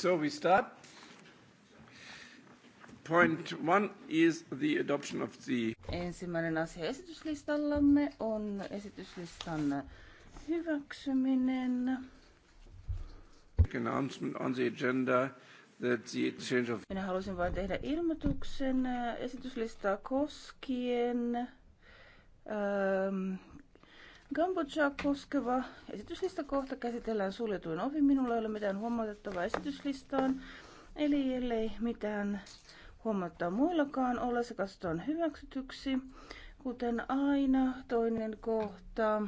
So we start. Point one is the adoption of the... Ensimmäinen asia esityslistallamme on esityslistan hyväksyminen. Announcement on the agenda that the exchange of... Minä halusin vain tehdä ilmoituksen esityslistaa koskien. Kambodžaa koskeva esityslista kohta käsitellään suljetuin Ovi Minulla ei ole mitään huomautettavaa esityslistaan. Eli ellei mitään huomattaa muillakaan ole, se katsotaan hyväksytyksi. Kuten aina, toinen kohta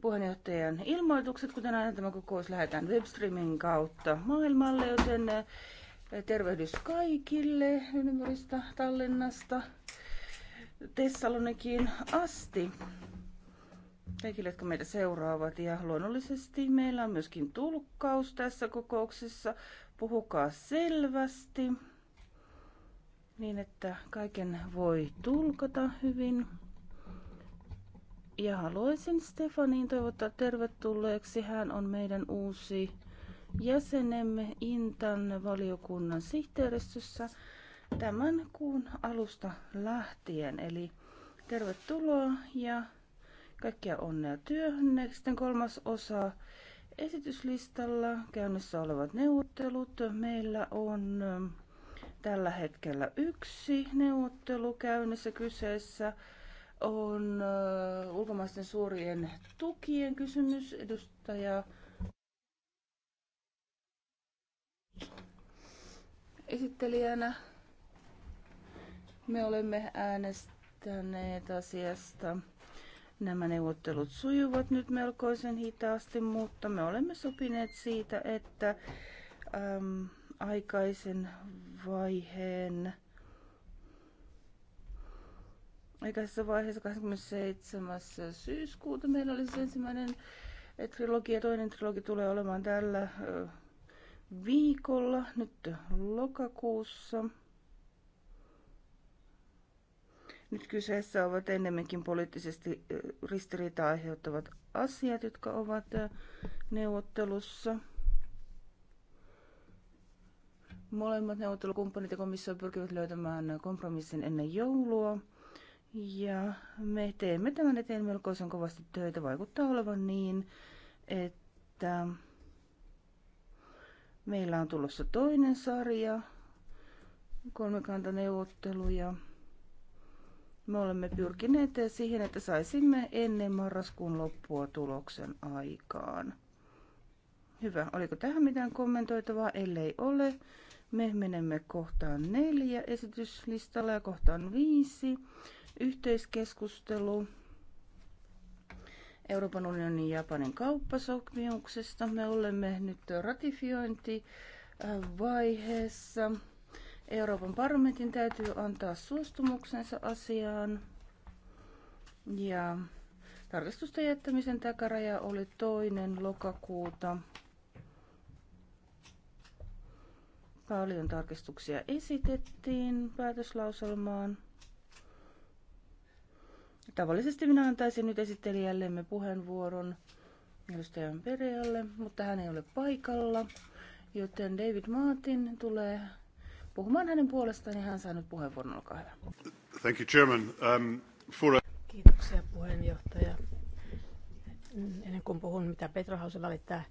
puheenjohtajan ilmoitukset, kuten aina tämä kokous lähetään webstreamin kautta maailmalle, joten tervehdys kaikille ympäristä tallennasta. Tessalonikiin asti kaikille, jotka meitä seuraavat. Ja luonnollisesti meillä on myöskin tulkkaus tässä kokouksessa. Puhukaa selvästi niin, että kaiken voi tulkata hyvin. Ja haluaisin Stefaniin toivottaa tervetulleeksi. Hän on meidän uusi jäsenemme Intan valiokunnan sihteeristössä tämän kuun alusta lähtien. Eli tervetuloa ja kaikkia onnea työhönne. Sitten kolmas osa esityslistalla käynnissä olevat neuvottelut. Meillä on ähm, tällä hetkellä yksi neuvottelu käynnissä kyseessä on äh, ulkomaisten suurien tukien kysymys. Edustaja esittelijänä me olemme äänestäneet asiasta. Nämä neuvottelut sujuvat nyt melkoisen hitaasti, mutta me olemme sopineet siitä, että äm, aikaisen vaiheen aikaisessa vaiheessa 27. syyskuuta meillä oli siis ensimmäinen eh, trilogia. Toinen trilogi tulee olemaan tällä viikolla, nyt lokakuussa. Nyt kyseessä ovat enemmänkin poliittisesti ristiriitaa aiheuttavat asiat, jotka ovat neuvottelussa. Molemmat neuvottelukumppanit ja komissio pyrkivät löytämään kompromissin ennen joulua. Ja me teemme tämän eteen melkoisen kovasti töitä. Vaikuttaa olevan niin, että meillä on tulossa toinen sarja kolmikantaneuvotteluja. neuvotteluja me olemme pyrkineet siihen, että saisimme ennen marraskuun loppua tuloksen aikaan. Hyvä. Oliko tähän mitään kommentoitavaa? Ellei ole, me menemme kohtaan neljä esityslistalla ja kohtaan viisi. Yhteiskeskustelu Euroopan unionin ja Japanin kauppasopimuksesta. Me olemme nyt ratifiointivaiheessa. vaiheessa. Euroopan parlamentin täytyy antaa suostumuksensa asiaan. Ja tarkistusten jättämisen takaraja oli toinen lokakuuta. Paljon tarkistuksia esitettiin päätöslauselmaan. Tavallisesti minä antaisin nyt esittelijällemme puheenvuoron edustajan Perealle, mutta hän ei ole paikalla, joten David Martin tulee puhumaan hänen puolestaan ja niin hän saa nyt puheenvuoron. Olkaa hyvä. Thank you, Chairman. Um, for a... Kiitoksia puheenjohtaja. Ennen kuin puhun, mitä Petro Hausa välittää,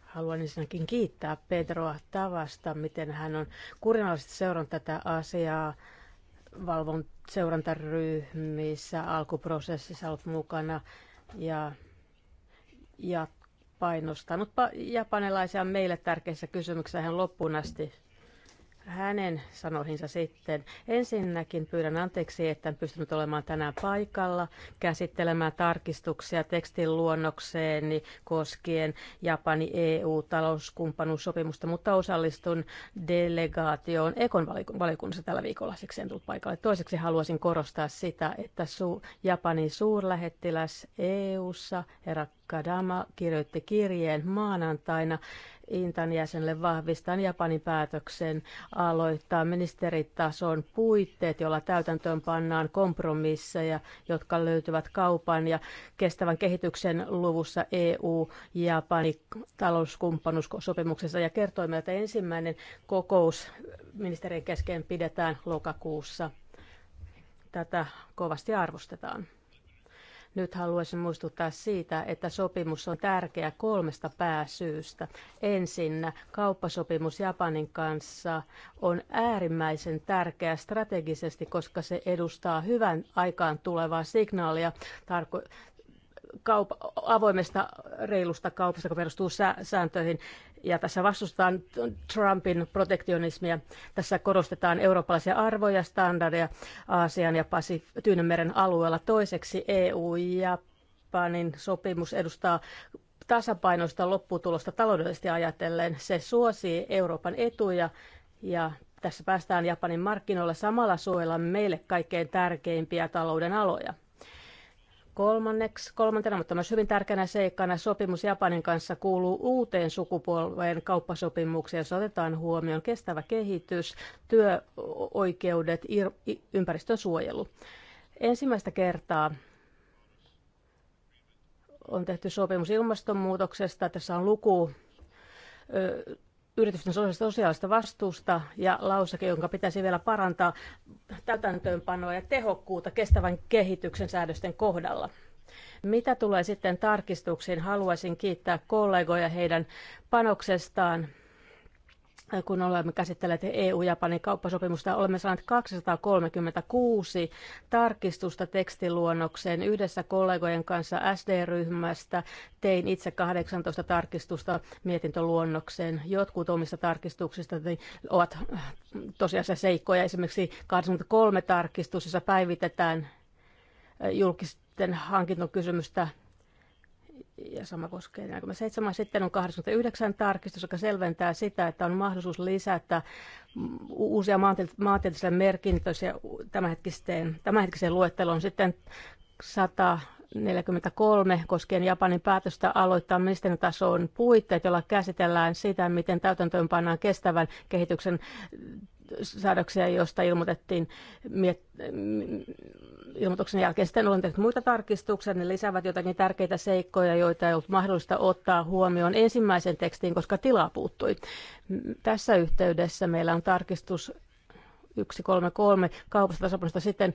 haluan ensinnäkin kiittää Petroa tavasta, miten hän on kurinalaisesti seurannut tätä asiaa valvon seurantaryhmissä, alkuprosessissa ollut mukana ja, ja painostanut japanilaisia meille tärkeissä kysymyksissä ihan loppuun asti hänen sanoihinsa sitten. Ensinnäkin pyydän anteeksi, että en pystynyt olemaan tänään paikalla käsittelemään tarkistuksia tekstin luonnokseeni koskien Japani EU-talouskumppanuussopimusta, mutta osallistun delegaatioon Ekon valiokunnassa tällä viikolla, siksi en tullut paikalle. Toiseksi haluaisin korostaa sitä, että su- Japanin suurlähettiläs EU-ssa, herra Kadama, kirjoitti kirjeen maanantaina Intan jäsenelle vahvistan Japanin päätöksen aloittaa ministeritason puitteet, joilla täytäntöön pannaan kompromisseja, jotka löytyvät kaupan ja kestävän kehityksen luvussa EU-Japani talouskumppanuussopimuksessa ja kertoimme, että ensimmäinen kokous ministerien kesken pidetään lokakuussa. Tätä kovasti arvostetaan. Nyt haluaisin muistuttaa siitä, että sopimus on tärkeä kolmesta pääsyystä. Ensinnä kauppasopimus Japanin kanssa on äärimmäisen tärkeä strategisesti, koska se edustaa hyvän aikaan tulevaa signaalia tarko- kaup- avoimesta reilusta kaupasta, joka perustuu sääntöihin ja tässä vastustetaan Trumpin protektionismia. Tässä korostetaan eurooppalaisia arvoja, standardeja Aasian ja Pasi Tyynenmeren alueella. Toiseksi EU ja Japanin sopimus edustaa tasapainoista lopputulosta taloudellisesti ajatellen. Se suosii Euroopan etuja ja tässä päästään Japanin markkinoilla samalla suojella meille kaikkein tärkeimpiä talouden aloja. Kolmanneksi, kolmantena, mutta myös hyvin tärkeänä seikkana sopimus Japanin kanssa kuuluu uuteen sukupolven kauppasopimukseen, jossa otetaan huomioon kestävä kehitys, työoikeudet, suojelu. Ensimmäistä kertaa on tehty sopimus ilmastonmuutoksesta. Tässä on luku yritysten sosiaalista vastuusta ja lauseke, jonka pitäisi vielä parantaa täytäntöönpanoa ja tehokkuutta kestävän kehityksen säädösten kohdalla. Mitä tulee sitten tarkistuksiin, haluaisin kiittää kollegoja heidän panoksestaan kun olemme käsitelleet EU-Japanin kauppasopimusta, olemme saaneet 236 tarkistusta tekstiluonnokseen yhdessä kollegojen kanssa SD-ryhmästä. Tein itse 18 tarkistusta mietintöluonnokseen. Jotkut omista tarkistuksista ovat tosiasiassa seikkoja. Esimerkiksi 23 tarkistus, jossa päivitetään julkisten hankintokysymystä ja sama koskee 47. Sitten on 89 tarkistus, joka selventää sitä, että on mahdollisuus lisätä uusia maantieteellisiä merkintöjä tämänhetkiseen, tämänhetkiseen luetteloon. Sitten 143 koskien Japanin päätöstä aloittaa ministerin tason puitteet, jolla käsitellään sitä, miten täytäntöön pannaan kestävän kehityksen säädöksiä, joista ilmoitettiin miet- ilmoituksen jälkeen. Sitten olen tehnyt muita tarkistuksia, ne lisäävät jotakin tärkeitä seikkoja, joita ei ollut mahdollista ottaa huomioon ensimmäisen tekstiin, koska tilaa puuttui. Tässä yhteydessä meillä on tarkistus 133 kaupasta tasapainosta sitten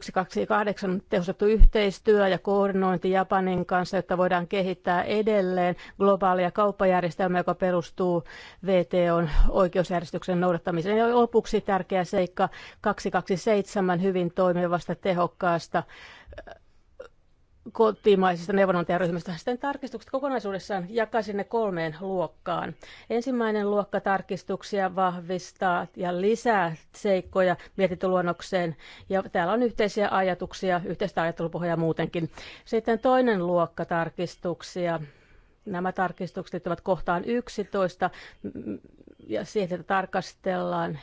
128 tehostettu yhteistyö ja koordinointi Japanin kanssa, jotta voidaan kehittää edelleen globaalia kauppajärjestelmää, joka perustuu VTOn oikeusjärjestyksen noudattamiseen. Ja lopuksi tärkeä seikka 227 hyvin toimivasta tehokkaasta kotimaisista neuvonantajaryhmistä. Sitten tarkistukset kokonaisuudessaan jakaisin ne kolmeen luokkaan. Ensimmäinen luokka tarkistuksia vahvistaa ja lisää seikkoja mietintöluonnokseen. Ja täällä on yhteisiä ajatuksia, yhteistä ajattelupohjaa muutenkin. Sitten toinen luokka tarkistuksia. Nämä tarkistukset ovat kohtaan 11 ja sieltä tarkastellaan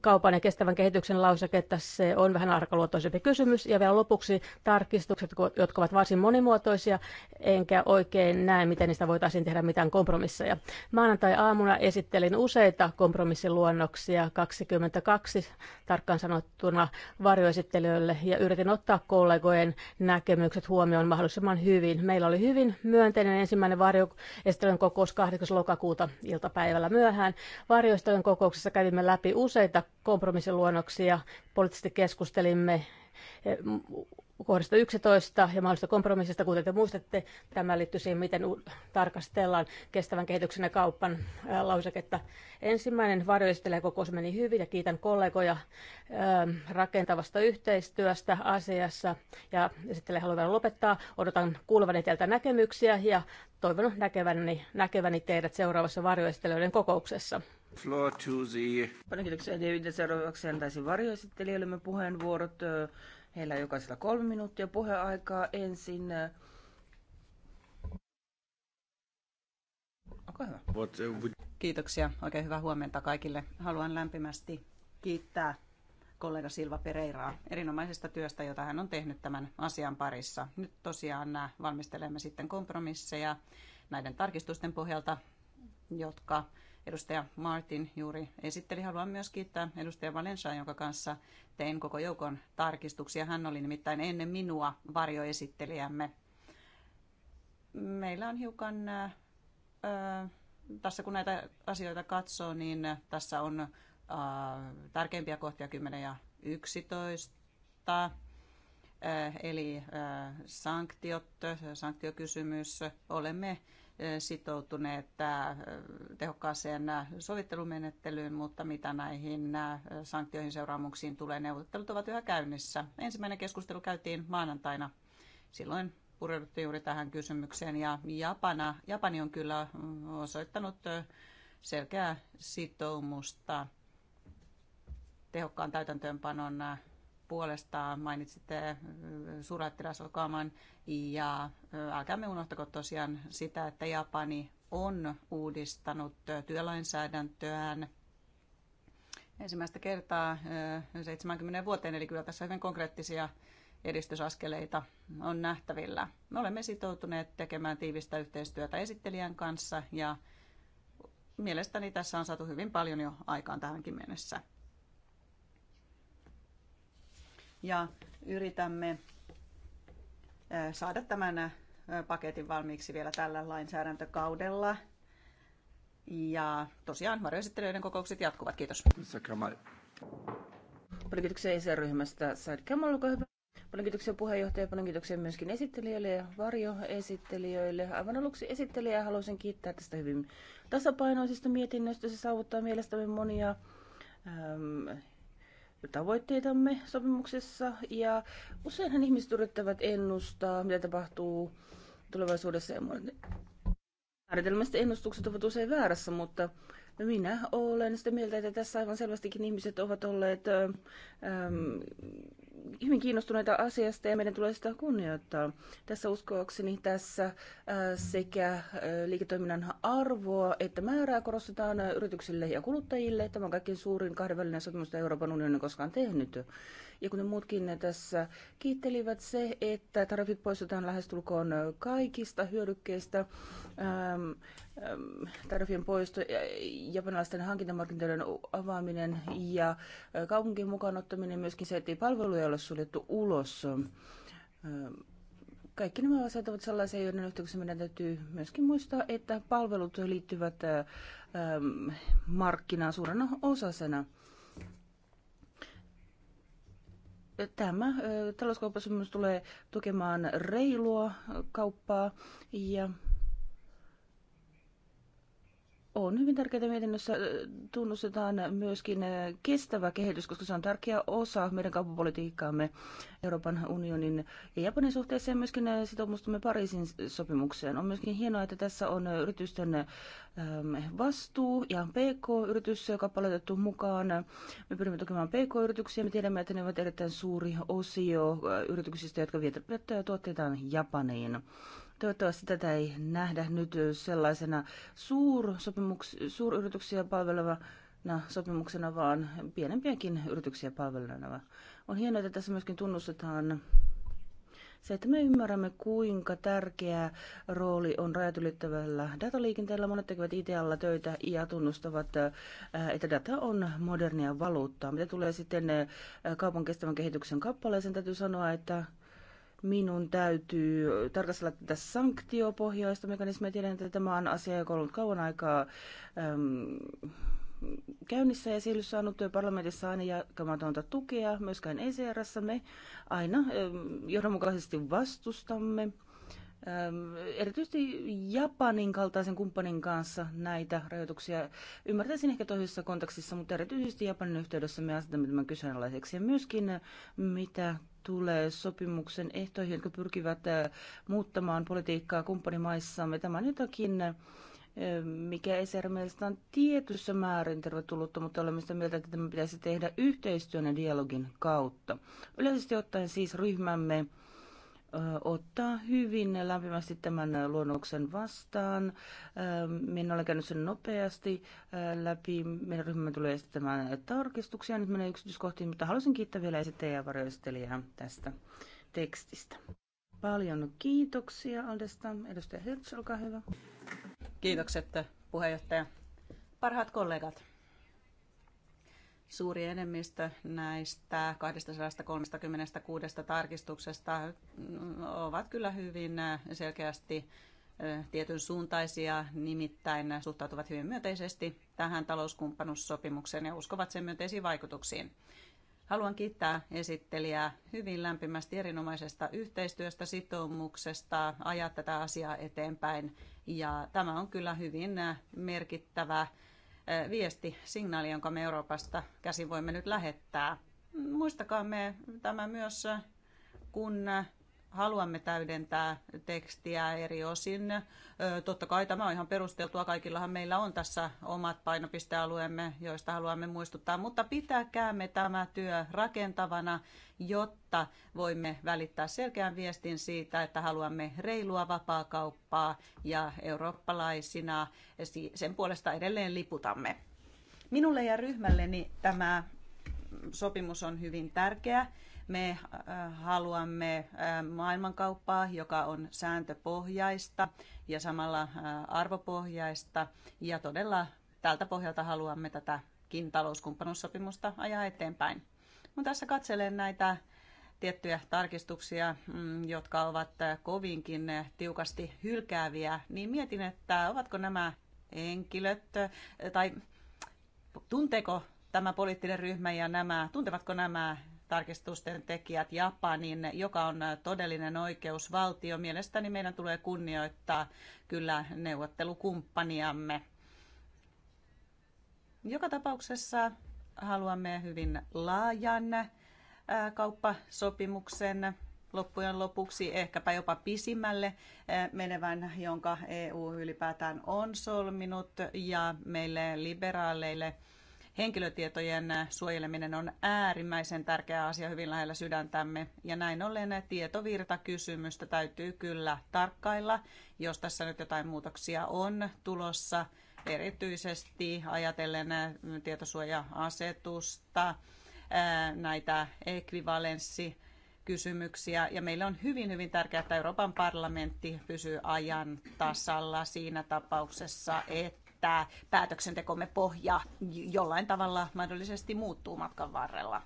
kaupan ja kestävän kehityksen lauseketta. Se on vähän arkaluotoisempi kysymys. Ja vielä lopuksi tarkistukset, jotka ovat varsin monimuotoisia, enkä oikein näe, miten niistä voitaisiin tehdä mitään kompromisseja. Maanantai-aamuna esittelin useita kompromissiluonnoksia, 22 tarkkaan sanottuna varjoesittelijöille, ja yritin ottaa kollegojen näkemykset huomioon mahdollisimman hyvin. Meillä oli hyvin myönteinen ensimmäinen varjoesittelyn kokous 8. lokakuuta iltapäivällä myöhään. Varjoesittelyn kokouksessa kävimme läpi useita kompromissiluonnoksia. Poliittisesti keskustelimme eh, kohdasta 11 ja mahdollisesta kompromissista, kuten te muistatte, tämä liittyy siihen, miten tarkastellaan kestävän kehityksen ja kaupan eh, lauseketta. Ensimmäinen varjoistelijakokous meni hyvin ja kiitän kollegoja eh, rakentavasta yhteistyöstä asiassa ja sitten haluan vielä lopettaa. Odotan kuulevani teiltä näkemyksiä ja toivon näkeväni, näkeväni teidät seuraavassa varjoistelijoiden kokouksessa. Floor to the... Paljon kiitoksia David. Seuraavaksi antaisin varjoesittelijöillemme puheenvuorot. Heillä on jokaisella kolme minuuttia puheaikaa ensin. Äh, okay, hyvä. Uh, kiitoksia. Oikein hyvää huomenta kaikille. Haluan lämpimästi kiittää kollega Silva Pereiraa erinomaisesta työstä, jota hän on tehnyt tämän asian parissa. Nyt tosiaan äh, valmistelemme sitten kompromisseja näiden tarkistusten pohjalta, jotka edustaja Martin juuri esitteli. Haluan myös kiittää edustaja Valensaa, jonka kanssa tein koko joukon tarkistuksia. Hän oli nimittäin ennen minua varjoesittelijämme. Meillä on hiukan, ö, tässä kun näitä asioita katsoo, niin tässä on ö, tärkeimpiä kohtia 10 ja 11 eli sanktiot, sanktiokysymys. Olemme sitoutuneet äh, tehokkaaseen äh, sovittelumenettelyyn, mutta mitä näihin äh, sanktioihin seuraamuksiin tulee, neuvottelut ovat yhä käynnissä. Ensimmäinen keskustelu käytiin maanantaina. Silloin pureuduttiin juuri tähän kysymykseen ja Japana, Japani on kyllä osoittanut selkeää sitoumusta tehokkaan täytäntöönpanon puolestaan mainitsitte suurlähettiläs Okaman ja älkäämme unohtako tosiaan sitä, että Japani on uudistanut työlainsäädäntöään ensimmäistä kertaa 70 vuoteen, eli kyllä tässä hyvin konkreettisia edistysaskeleita on nähtävillä. Me olemme sitoutuneet tekemään tiivistä yhteistyötä esittelijän kanssa ja mielestäni tässä on saatu hyvin paljon jo aikaan tähänkin mennessä. ja yritämme saada tämän paketin valmiiksi vielä tällä lainsäädäntökaudella. Ja tosiaan varjoesittelijöiden kokoukset jatkuvat. Kiitos. Paljon kiitoksia ESR-ryhmästä. Said Kamal, olkaa hyvä. Paljon kiitoksia puheenjohtaja, paljon kiitoksia myöskin esittelijöille ja varjoesittelijöille. Aivan aluksi esittelijä haluaisin kiittää tästä hyvin tasapainoisesta mietinnöstä. Se saavuttaa mielestämme monia ähm, tavoitteitamme sopimuksessa. Ja useinhan ihmiset yrittävät ennustaa, mitä tapahtuu tulevaisuudessa. Määritelmästä ennustukset ovat usein väärässä, mutta No minä olen sitä mieltä, että tässä aivan selvästikin ihmiset ovat olleet äm, hyvin kiinnostuneita asiasta ja meidän tulee sitä kunnioittaa. Tässä uskoakseni tässä äh, sekä äh, liiketoiminnan arvoa että määrää korostetaan yrityksille ja kuluttajille. Tämä on kaikkein suurin kahdenvälinen sopimus, Euroopan unioni on koskaan tehnyt. Ja kuten muutkin tässä kiittelivät se, että tarifit poistetaan lähestulkoon kaikista hyödykkeistä. Ähm, ähm, tarifien poisto, japanilaisten hankintamarkkinoiden avaaminen ja äh, kaupunkien mukaan ottaminen, myöskin se, että palveluja ole suljettu ulos. Ähm, kaikki nämä asiat ovat sellaisia, joiden yhteydessä meidän täytyy myöskin muistaa, että palvelut liittyvät äh, ähm, markkinaan suurena osasena. Tämä talouskauppasopimus tulee tukemaan reilua kauppaa ja on hyvin tärkeää mietinnössä äh, tunnustetaan myöskin äh, kestävä kehitys, koska se on tärkeä osa meidän kauppapolitiikkaamme Euroopan unionin ja Japanin suhteessa ja myöskin äh, sitoumustamme Pariisin sopimukseen. On myöskin hienoa, että tässä on yritysten ähm, vastuu ja PK-yritys, joka on palautettu mukaan. Me pyrimme tukemaan PK-yrityksiä. Me tiedämme, että ne ovat erittäin suuri osio yrityksistä, jotka vietävät tuotteitaan Japaniin. Toivottavasti tätä ei nähdä nyt sellaisena suursopimuks- suuryrityksiä palvelevana sopimuksena, vaan pienempiäkin yrityksiä palvelevana. On hienoa, että tässä myöskin tunnustetaan se, että me ymmärrämme, kuinka tärkeä rooli on rajat ylittävällä dataliikenteellä. Monet tekevät IT-alla töitä ja tunnustavat, eh, että data on modernia valuuttaa. Mitä tulee sitten eh, kaupan kestävän kehityksen kappaleeseen, täytyy sanoa, että minun täytyy tarkastella tätä sanktiopohjaista mekanismia. Tiedän, että tämä on asia, joka on ollut kauan aikaa äm, käynnissä ja sillä saanut parlamentissa aina jakamatonta tukea, myöskään ECRssä me aina äm, johdonmukaisesti vastustamme erityisesti Japanin kaltaisen kumppanin kanssa näitä rajoituksia. Ymmärtäisin ehkä toisessa kontekstissa, mutta erityisesti Japanin yhteydessä me asetamme tämän kyseenalaiseksi. Ja myöskin äh, mitä tulee sopimuksen ehtoihin, jotka pyrkivät äh, muuttamaan politiikkaa kumppanimaissamme. Tämä on jotakin, äh, mikä ESR mielestä on tietyssä määrin tervetullutta, mutta olemme sitä mieltä, että tämä pitäisi tehdä yhteistyön ja dialogin kautta. Yleisesti ottaen siis ryhmämme ottaa hyvin lämpimästi tämän luonnoksen vastaan. Minä olen käynyt sen nopeasti läpi. Meidän ryhmämme tulee esittämään tarkistuksia. Nyt menee yksityiskohtiin, mutta haluaisin kiittää vielä esittäjää ja varjoistelijaa tästä tekstistä. Paljon kiitoksia Aldesta. Edustaja Hertz, olkaa hyvä. Kiitokset puheenjohtaja. Parhaat kollegat suuri enemmistö näistä 236 tarkistuksesta mm, ovat kyllä hyvin äh, selkeästi äh, tietyn suuntaisia, nimittäin äh, suhtautuvat hyvin myönteisesti tähän talouskumppanuussopimukseen ja uskovat sen myönteisiin vaikutuksiin. Haluan kiittää esittelijää hyvin lämpimästi erinomaisesta yhteistyöstä, sitoumuksesta, ajaa tätä asiaa eteenpäin. Ja tämä on kyllä hyvin merkittävä Eh, viesti, signaali, jonka me Euroopasta käsin voimme nyt lähettää. Muistakaa me tämä myös, eh, kun eh, haluamme täydentää tekstiä eri osin. Totta kai tämä on ihan perusteltua, kaikillahan meillä on tässä omat painopistealueemme, joista haluamme muistuttaa, mutta pitäkäämme tämä työ rakentavana, jotta voimme välittää selkeän viestin siitä, että haluamme reilua vapaa kauppaa ja eurooppalaisina sen puolesta edelleen liputamme. Minulle ja ryhmälleni tämä sopimus on hyvin tärkeä me äh, haluamme äh, maailmankauppaa, joka on sääntöpohjaista ja samalla äh, arvopohjaista. Ja todella tältä pohjalta haluamme tätäkin talouskumppanuussopimusta ajaa eteenpäin. Mun tässä katselen näitä tiettyjä tarkistuksia, mm, jotka ovat kovinkin tiukasti hylkääviä, niin mietin, että ovatko nämä henkilöt tai tunteeko tämä poliittinen ryhmä ja nämä, tuntevatko nämä tarkistusten tekijät Japanin, joka on todellinen oikeusvaltio. Mielestäni meidän tulee kunnioittaa kyllä neuvottelukumppaniamme. Joka tapauksessa haluamme hyvin laajan kauppasopimuksen loppujen lopuksi ehkäpä jopa pisimmälle menevän, jonka EU ylipäätään on solminut ja meille liberaaleille – Henkilötietojen suojeleminen on äärimmäisen tärkeä asia hyvin lähellä sydäntämme ja näin ollen tietovirtakysymystä täytyy kyllä tarkkailla, jos tässä nyt jotain muutoksia on tulossa, erityisesti ajatellen mm, tietosuoja-asetusta, näitä ekvivalenssi kysymyksiä ja meillä on hyvin, hyvin tärkeää, että Euroopan parlamentti pysyy ajan tasalla siinä tapauksessa, että tämä päätöksentekomme pohja jollain tavalla mahdollisesti muuttuu matkan varrella.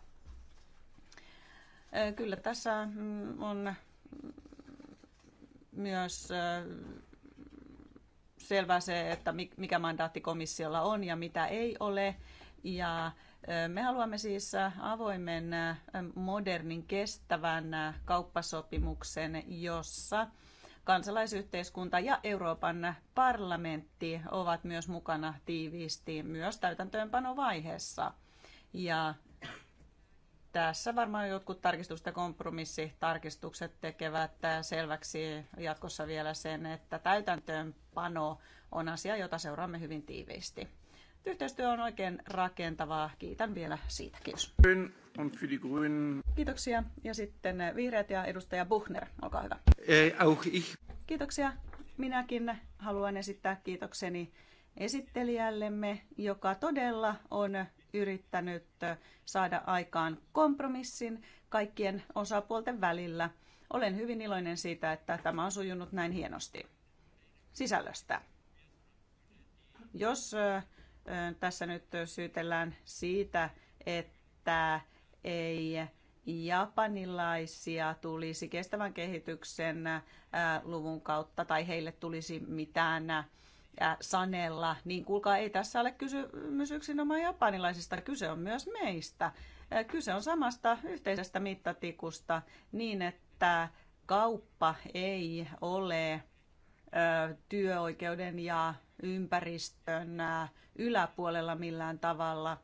Kyllä tässä mm, on mm, myös selvää se, että mikä mandaatti komissiolla on ja mitä ei ole. Ja me haluamme siis avoimen, modernin, kestävän kauppasopimuksen, jossa kansalaisyhteiskunta ja Euroopan parlamentti ovat myös mukana tiiviisti myös täytäntöönpanovaiheessa. Ja tässä varmaan jotkut tarkistukset ja kompromissitarkistukset tekevät selväksi jatkossa vielä sen, että täytäntöönpano on asia, jota seuraamme hyvin tiiviisti. Yhteistyö on oikein rakentavaa. Kiitän vielä siitä. Kiitos. Kiitoksia. Ja sitten vihreät ja edustaja Buchner, olkaa hyvä. Eh, Kiitoksia. Minäkin haluan esittää kiitokseni esittelijällemme, joka todella on yrittänyt saada aikaan kompromissin kaikkien osapuolten välillä. Olen hyvin iloinen siitä, että tämä on sujunut näin hienosti sisällöstä. Jos tässä nyt syytellään siitä, että ei japanilaisia tulisi kestävän kehityksen luvun kautta tai heille tulisi mitään sanella, niin kuulkaa, ei tässä ole kysymys yksinomaan japanilaisista, kyse on myös meistä. Kyse on samasta yhteisestä mittatikusta niin, että kauppa ei ole työoikeuden ja ympäristön yläpuolella millään tavalla.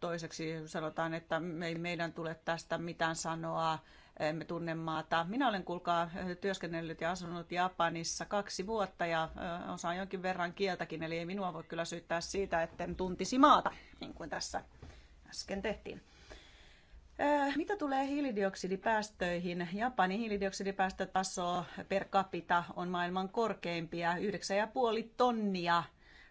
Toiseksi sanotaan, että ei meidän tule tästä mitään sanoa, emme tunne maata. Minä olen, kuulkaa, työskennellyt ja asunut Japanissa kaksi vuotta ja osaan jonkin verran kieltäkin, eli ei minua voi kyllä syyttää siitä, että en tuntisi maata, niin kuin tässä äsken tehtiin. Äh, mitä tulee hiilidioksidipäästöihin? Japanin hiilidioksidipäästötaso per capita on maailman korkeimpia, 9,5 tonnia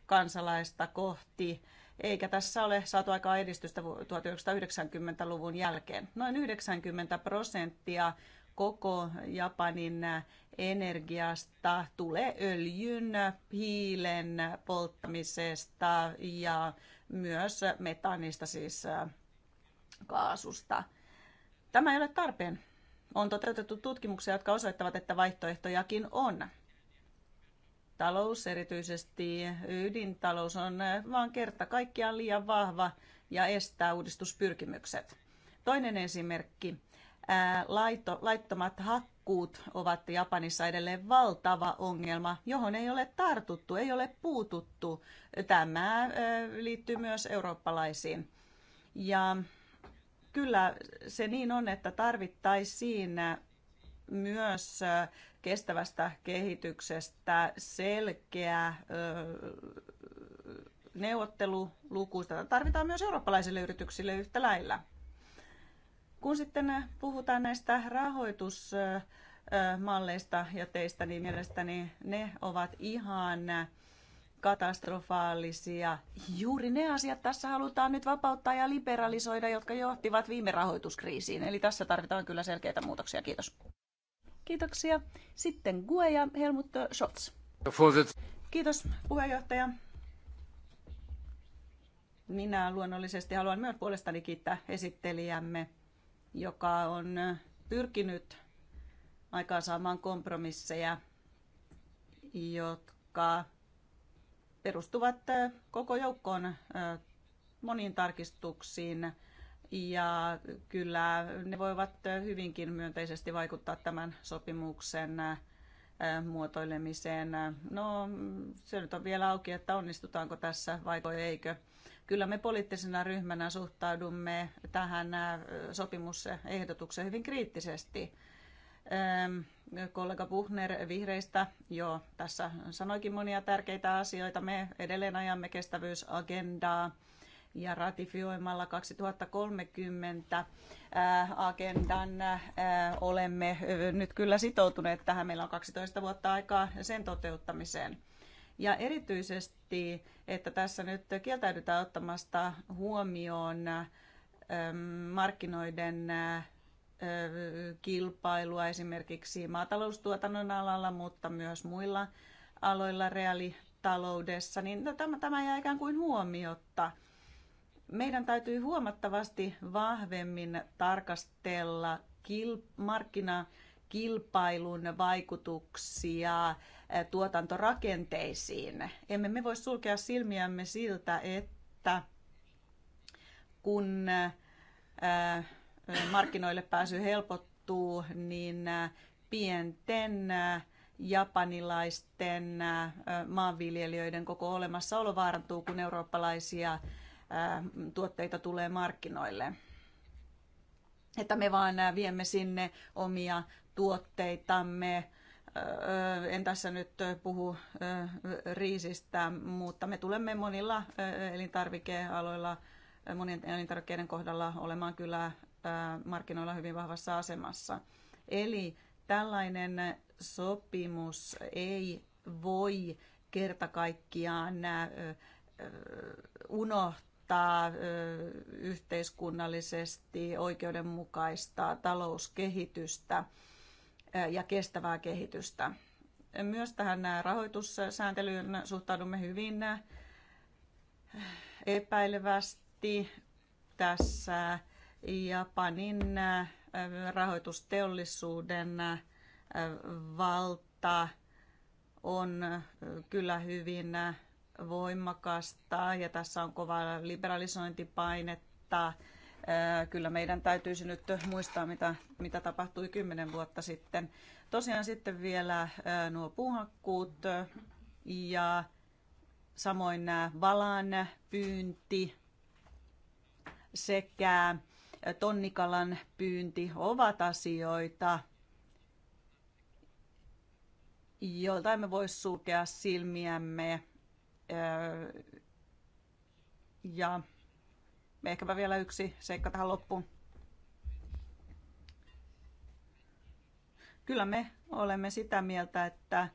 kansalaista kohti, eikä tässä ole saatu aikaa edistystä 1990-luvun jälkeen. Noin 90 prosenttia koko Japanin energiasta tulee öljyn, hiilen polttamisesta ja myös metanista, siis äh, kaasusta. Tämä ei ole tarpeen. On toteutettu tutkimuksia, jotka osoittavat, että vaihtoehtojakin on. Talous, erityisesti ydintalous, on vaan kerta kaikkiaan liian vahva ja estää uudistuspyrkimykset. Toinen esimerkki. Laito, laittomat hakkuut ovat Japanissa edelleen valtava ongelma, johon ei ole tartuttu, ei ole puututtu. Tämä liittyy myös eurooppalaisiin. Ja kyllä se niin on, että tarvittaisiin myös kestävästä kehityksestä selkeä neuvotteluluku. tarvitaan myös eurooppalaisille yrityksille yhtä lailla. Kun sitten puhutaan näistä rahoitusmalleista ja teistä, niin mielestäni ne ovat ihan katastrofaalisia. Juuri ne asiat tässä halutaan nyt vapauttaa ja liberalisoida, jotka johtivat viime rahoituskriisiin. Eli tässä tarvitaan kyllä selkeitä muutoksia. Kiitos. Kiitoksia. Sitten Gue ja Helmut Schotz. Kiitos puheenjohtaja. Minä luonnollisesti haluan myös puolestani kiittää esittelijämme, joka on pyrkinyt aikaansaamaan kompromisseja, jotka perustuvat koko joukkoon moniin tarkistuksiin ja kyllä ne voivat hyvinkin myönteisesti vaikuttaa tämän sopimuksen muotoilemiseen. No, se nyt on vielä auki, että onnistutaanko tässä vai eikö. Kyllä me poliittisena ryhmänä suhtaudumme tähän sopimusehdotukseen hyvin kriittisesti kollega Buchner vihreistä jo tässä sanoikin monia tärkeitä asioita. Me edelleen ajamme kestävyysagendaa ja ratifioimalla 2030 agendan olemme nyt kyllä sitoutuneet tähän. Meillä on 12 vuotta aikaa sen toteuttamiseen. Ja erityisesti, että tässä nyt kieltäydytään ottamasta huomioon markkinoiden kilpailua esimerkiksi maataloustuotannon alalla, mutta myös muilla aloilla reaalitaloudessa, niin no, tämä, tämä jää ikään kuin huomiotta. Meidän täytyy huomattavasti vahvemmin tarkastella kil, markkinakilpailun vaikutuksia tuotantorakenteisiin. Emme me voi sulkea silmiämme siltä, että kun äh, markkinoille pääsy helpottuu, niin pienten japanilaisten maanviljelijöiden koko olemassaolo vaarantuu, kun eurooppalaisia tuotteita tulee markkinoille. Että me vaan viemme sinne omia tuotteitamme. En tässä nyt puhu riisistä, mutta me tulemme monilla elintarvikealoilla monien elintarvikkeiden kohdalla olemaan kyllä Äh, markkinoilla hyvin vahvassa asemassa. Eli tällainen sopimus ei voi kerta kaikkiaan äh, äh, unohtaa yhteiskunnallisesti oikeudenmukaista talouskehitystä ja kestävää kehitystä. Myös tähän rahoitussääntelyyn suhtaudumme hyvin epäilevästi. Tässä Japanin äh, rahoitusteollisuuden äh, valta on äh, kyllä hyvin voimakasta ja tässä on kova liberalisointipainetta. Kyllä meidän täytyisi nyt muistaa, mitä, mitä tapahtui kymmenen vuotta sitten. Tosiaan sitten vielä nuo puuhakkuut ja samoin nämä valan pyynti sekä tonnikalan pyynti ovat asioita, joilta emme voi sulkea silmiämme. Ja ehkäpä vielä yksi seikka tähän loppuun. Kyllä me olemme sitä mieltä, että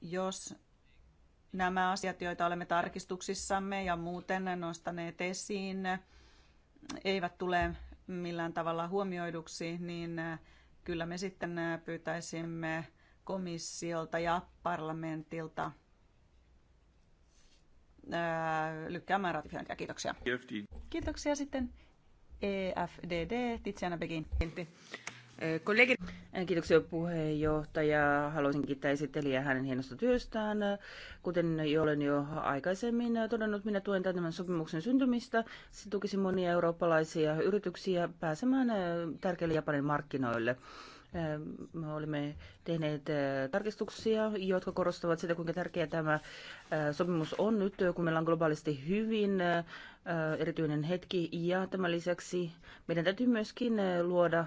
jos nämä asiat, joita olemme tarkistuksissamme ja muuten nostaneet esiin, eivät tule millään tavalla huomioiduksi, niin äh, kyllä me sitten äh, pyytäisimme komissiolta ja parlamentilta äh, lykkäämään ratifiointia. Kiitoksia. Kiitoksia sitten EFDD, Tiziana Begin. Kollegi... Kiitoksia puheenjohtaja. Haluaisin kiittää esittelijää hänen hienosta työstään. Kuten jo olen jo aikaisemmin todennut, minä tuen tämän sopimuksen syntymistä. Se tukisi monia eurooppalaisia yrityksiä pääsemään eh, tärkeille Japanin markkinoille. Eh, me olemme tehneet eh, tarkistuksia, jotka korostavat sitä, kuinka tärkeä tämä sopimus on nyt, kun meillä on globaalisti hyvin erityinen hetki. Ja tämän lisäksi meidän täytyy myöskin luoda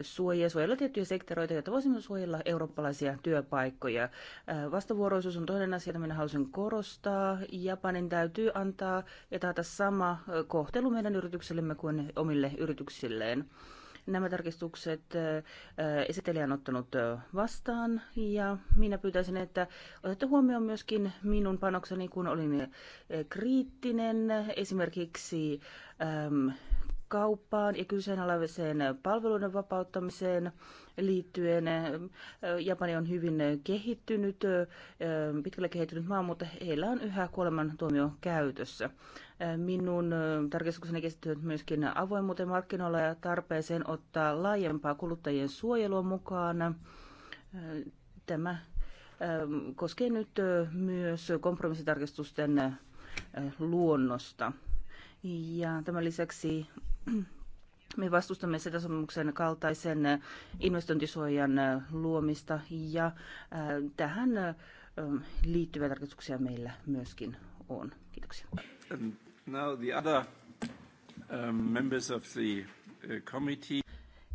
suojia, suojella tiettyjä sektoroita, joita voisimme suojella eurooppalaisia työpaikkoja. Vastavuoroisuus on toinen asia, jota minä halusin korostaa. Japanin täytyy antaa ja taata sama kohtelu meidän yrityksillemme kuin omille yrityksilleen. Nämä tarkistukset esittelijä on ottanut vastaan ja minä pyytäisin, että otatte huomioon myöskin minun panokseni, kun olin kriittinen esimerkiksi kauppaan ja kyseenalaiseen palveluiden vapauttamiseen liittyen. Japani on hyvin kehittynyt, pitkälle kehittynyt maa, mutta heillä on yhä kuolemantuomio käytössä. Minun tarkistukseni keskittyvät myöskin avoimuuteen markkinoilla ja tarpeeseen ottaa laajempaa kuluttajien suojelua mukaan. Tämä ähm, koskee nyt äh, myös kompromissitarkistusten äh, luonnosta. Ja tämän lisäksi me vastustamme sitä sopimuksen kaltaisen investointisuojan luomista ja äh, tähän äh, liittyviä tarkoituksia meillä myöskin on. Kiitoksia. Now the other um, members of the uh, committee.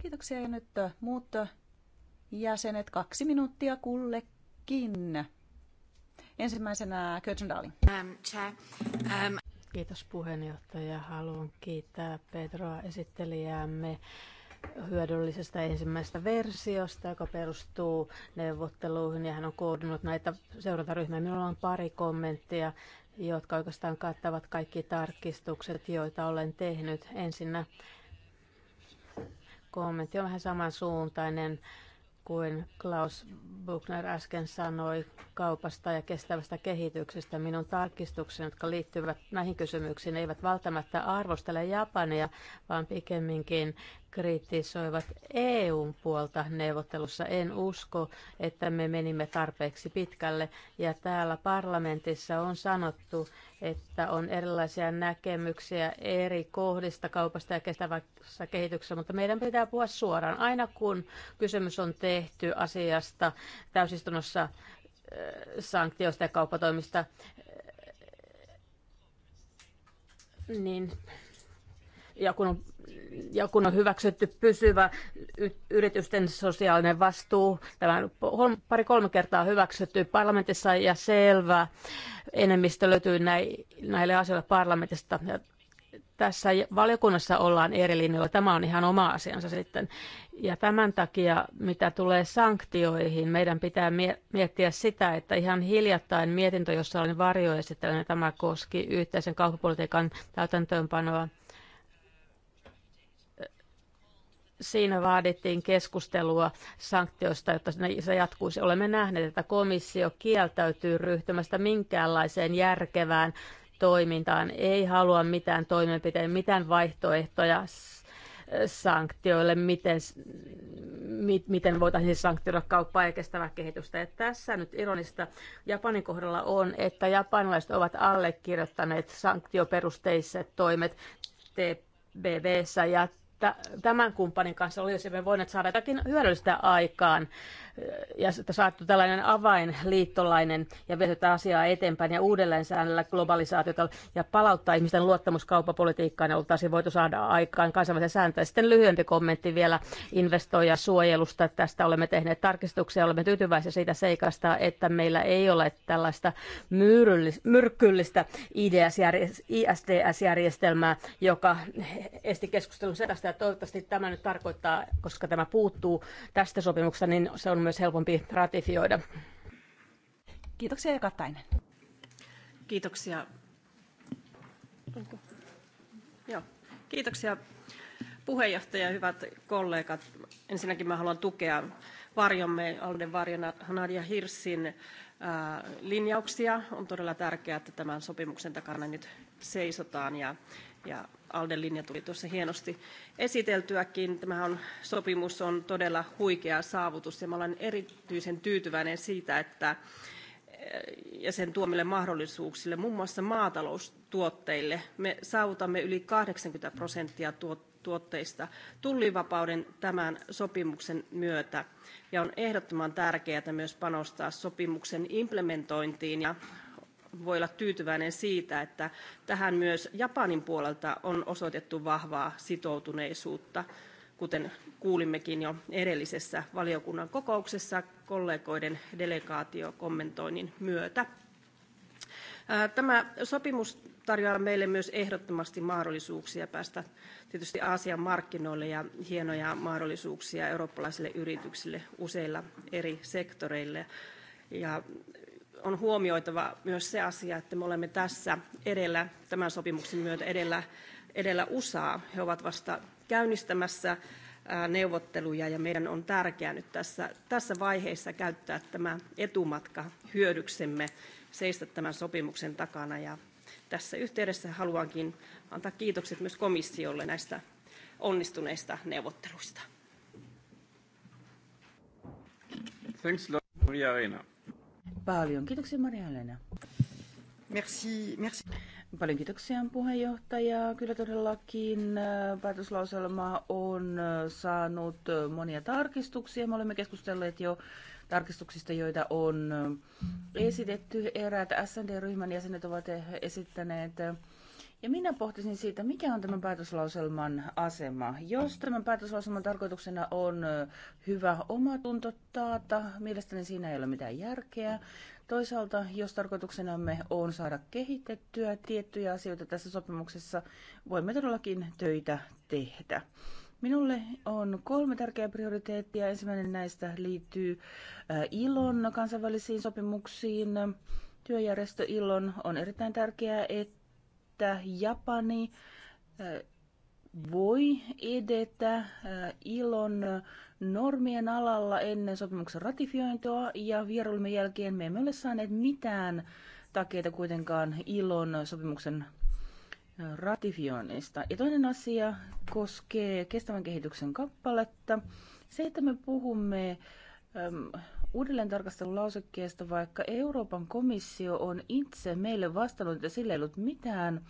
Kiitoksia ja nyt äh, muut jäsenet kaksi minuuttia kullekin. Ensimmäisenä Kirsten Darling. Um, chair. Um... Kiitos puheenjohtaja. Haluan kiittää Petroa esittelijäämme hyödyllisestä ensimmäisestä versiosta, joka perustuu neuvotteluihin ja hän on koordinoinut näitä seurantaryhmiä. Minulla on pari kommenttia, jotka oikeastaan kattavat kaikki tarkistukset, joita olen tehnyt. Ensinnä kommentti on vähän samansuuntainen. suuntainen kuin Klaus Buchner äsken sanoi kaupasta ja kestävästä kehityksestä, minun tarkistukseni, jotka liittyvät näihin kysymyksiin, eivät välttämättä arvostele Japania, vaan pikemminkin kritisoivat EUn puolta neuvottelussa. En usko, että me menimme tarpeeksi pitkälle. Ja täällä parlamentissa on sanottu, että on erilaisia näkemyksiä eri kohdista kaupasta ja kestävässä kehityksessä, mutta meidän pitää puhua suoraan. Aina kun kysymys on tehty asiasta täysistunnossa äh, sanktioista ja kauppatoimista, äh, niin ja kun on, ja kun on hyväksytty pysyvä yritysten sosiaalinen vastuu, tämä on pari-kolme kertaa hyväksytty parlamentissa ja selvä enemmistö löytyy näille asioille parlamentista. Ja tässä valiokunnassa ollaan eri linjoilla. Tämä on ihan oma asiansa sitten. Ja tämän takia, mitä tulee sanktioihin, meidän pitää miettiä sitä, että ihan hiljattain mietintö, jossa olin varjoesittelijänä, tämä koski yhteisen kauppapolitiikan täytäntöönpanoa – siinä vaadittiin keskustelua sanktioista, jotta se jatkuisi. Olemme nähneet, että komissio kieltäytyy ryhtymästä minkäänlaiseen järkevään toimintaan, ei halua mitään toimenpiteitä, mitään vaihtoehtoja sanktioille, miten, mit, miten voitaisiin sanktioida kauppaa ja kestävää kehitystä. Ja tässä nyt ironista Japanin kohdalla on, että japanilaiset ovat allekirjoittaneet sanktioperusteiset toimet TPVssä ja tämän kumppanin kanssa olisimme voineet saada jotakin hyödyllistä aikaan ja että saattu tällainen avainliittolainen ja vietetään asiaa eteenpäin ja uudelleen säännellä globalisaatiota ja palauttaa ihmisten luottamus kauppapolitiikkaan ja oltaisiin voitu saada aikaan kansainvälisen sääntöjä. Sitten lyhyempi kommentti vielä investoija suojelusta. Tästä olemme tehneet tarkistuksia, olemme tyytyväisiä siitä seikasta, että meillä ei ole tällaista myrkyllistä ISDS-järjestelmää, joka esti keskustelun sedasta ja toivottavasti tämä nyt tarkoittaa, koska tämä puuttuu tästä sopimuksesta, niin se on myös helpompi ratifioida. Kiitoksia ja Katainen. Kiitoksia. Joo. Kiitoksia puheenjohtaja ja hyvät kollegat. Ensinnäkin mä haluan tukea varjomme, Alden varjona Nadia Hirsin ää, äh, linjauksia. On todella tärkeää, että tämän sopimuksen takana nyt seisotaan ja, ja Alden linja tuli tuossa hienosti esiteltyäkin. Tämä on, sopimus on todella huikea saavutus ja mä olen erityisen tyytyväinen siitä, että eh, ja sen tuomille mahdollisuuksille, muun muassa maataloustuotteille. Me saavutamme yli 80 prosenttia tuotteista tullivapauden tämän sopimuksen myötä. Ja on ehdottoman tärkeää myös panostaa sopimuksen implementointiin ja voi olla tyytyväinen siitä, että tähän myös Japanin puolelta on osoitettu vahvaa sitoutuneisuutta, kuten kuulimmekin jo edellisessä valiokunnan kokouksessa kollegoiden delegaatiokommentoinnin myötä. Tämä sopimus tarjoaa meille myös ehdottomasti mahdollisuuksia päästä tietysti Aasian markkinoille ja hienoja mahdollisuuksia eurooppalaisille yrityksille useilla eri sektoreilla. Ja on huomioitava myös se asia, että me olemme tässä edellä, tämän sopimuksen myötä edellä, edellä USAa. He ovat vasta käynnistämässä neuvotteluja ja meidän on tärkeää nyt tässä, tässä vaiheessa käyttää tämä etumatka hyödyksemme, seistä tämän sopimuksen takana ja tässä yhteydessä haluankin antaa kiitokset myös komissiolle näistä onnistuneista neuvotteluista. Thanks, Maria Arena. Paljon kiitoksia Maria Helena. Merci, merci. Paljon kiitoksia puheenjohtaja. Kyllä todellakin äh, päätöslauselma on äh, saanut äh, monia tarkistuksia. Me olemme keskustelleet jo tarkistuksista, joita on esitetty. Eräät SND-ryhmän jäsenet ovat esittäneet ja minä pohtisin siitä, mikä on tämän päätöslauselman asema. Jos tämän päätöslauselman tarkoituksena on hyvä omatunto taata, mielestäni siinä ei ole mitään järkeä. Toisaalta, jos tarkoituksenamme on saada kehitettyä tiettyjä asioita tässä sopimuksessa, voimme todellakin töitä tehdä. Minulle on kolme tärkeää prioriteettia. Ensimmäinen näistä liittyy ILON kansainvälisiin sopimuksiin. Työjärjestö ILON on erittäin tärkeää, että että Japani voi edetä ilon normien alalla ennen sopimuksen ratifiointoa ja vierailumme jälkeen me emme ole saaneet mitään takeita kuitenkaan ilon sopimuksen ratifioinnista. Ja toinen asia koskee kestävän kehityksen kappaletta. Se, että me puhumme uudelleentarkastelulausekkeesta, vaikka Euroopan komissio on itse meille vastannut, että sillä ei ollut mitään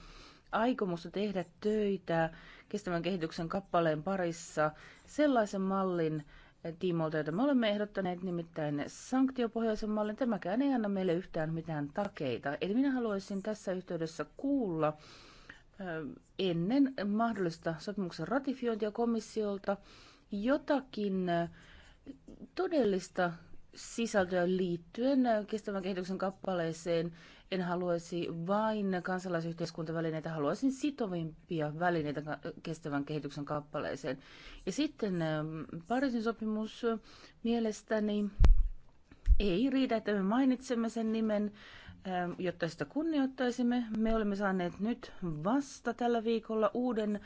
aikomusta tehdä töitä kestävän kehityksen kappaleen parissa sellaisen mallin tiimoilta, jota me olemme ehdottaneet, nimittäin sanktiopohjaisen mallin. Tämäkään ei anna meille yhtään mitään takeita. Eli minä haluaisin tässä yhteydessä kuulla ennen mahdollista sopimuksen ratifiointia komissiolta jotakin todellista sisältöä liittyen kestävän kehityksen kappaleeseen. En haluaisi vain kansalaisyhteiskuntavälineitä, haluaisin sitovimpia välineitä kestävän kehityksen kappaleeseen. Ja sitten ähm, Pariisin sopimus mielestäni ei riitä, että me mainitsemme sen nimen, ähm, jotta sitä kunnioittaisimme. Me olemme saaneet nyt vasta tällä viikolla uuden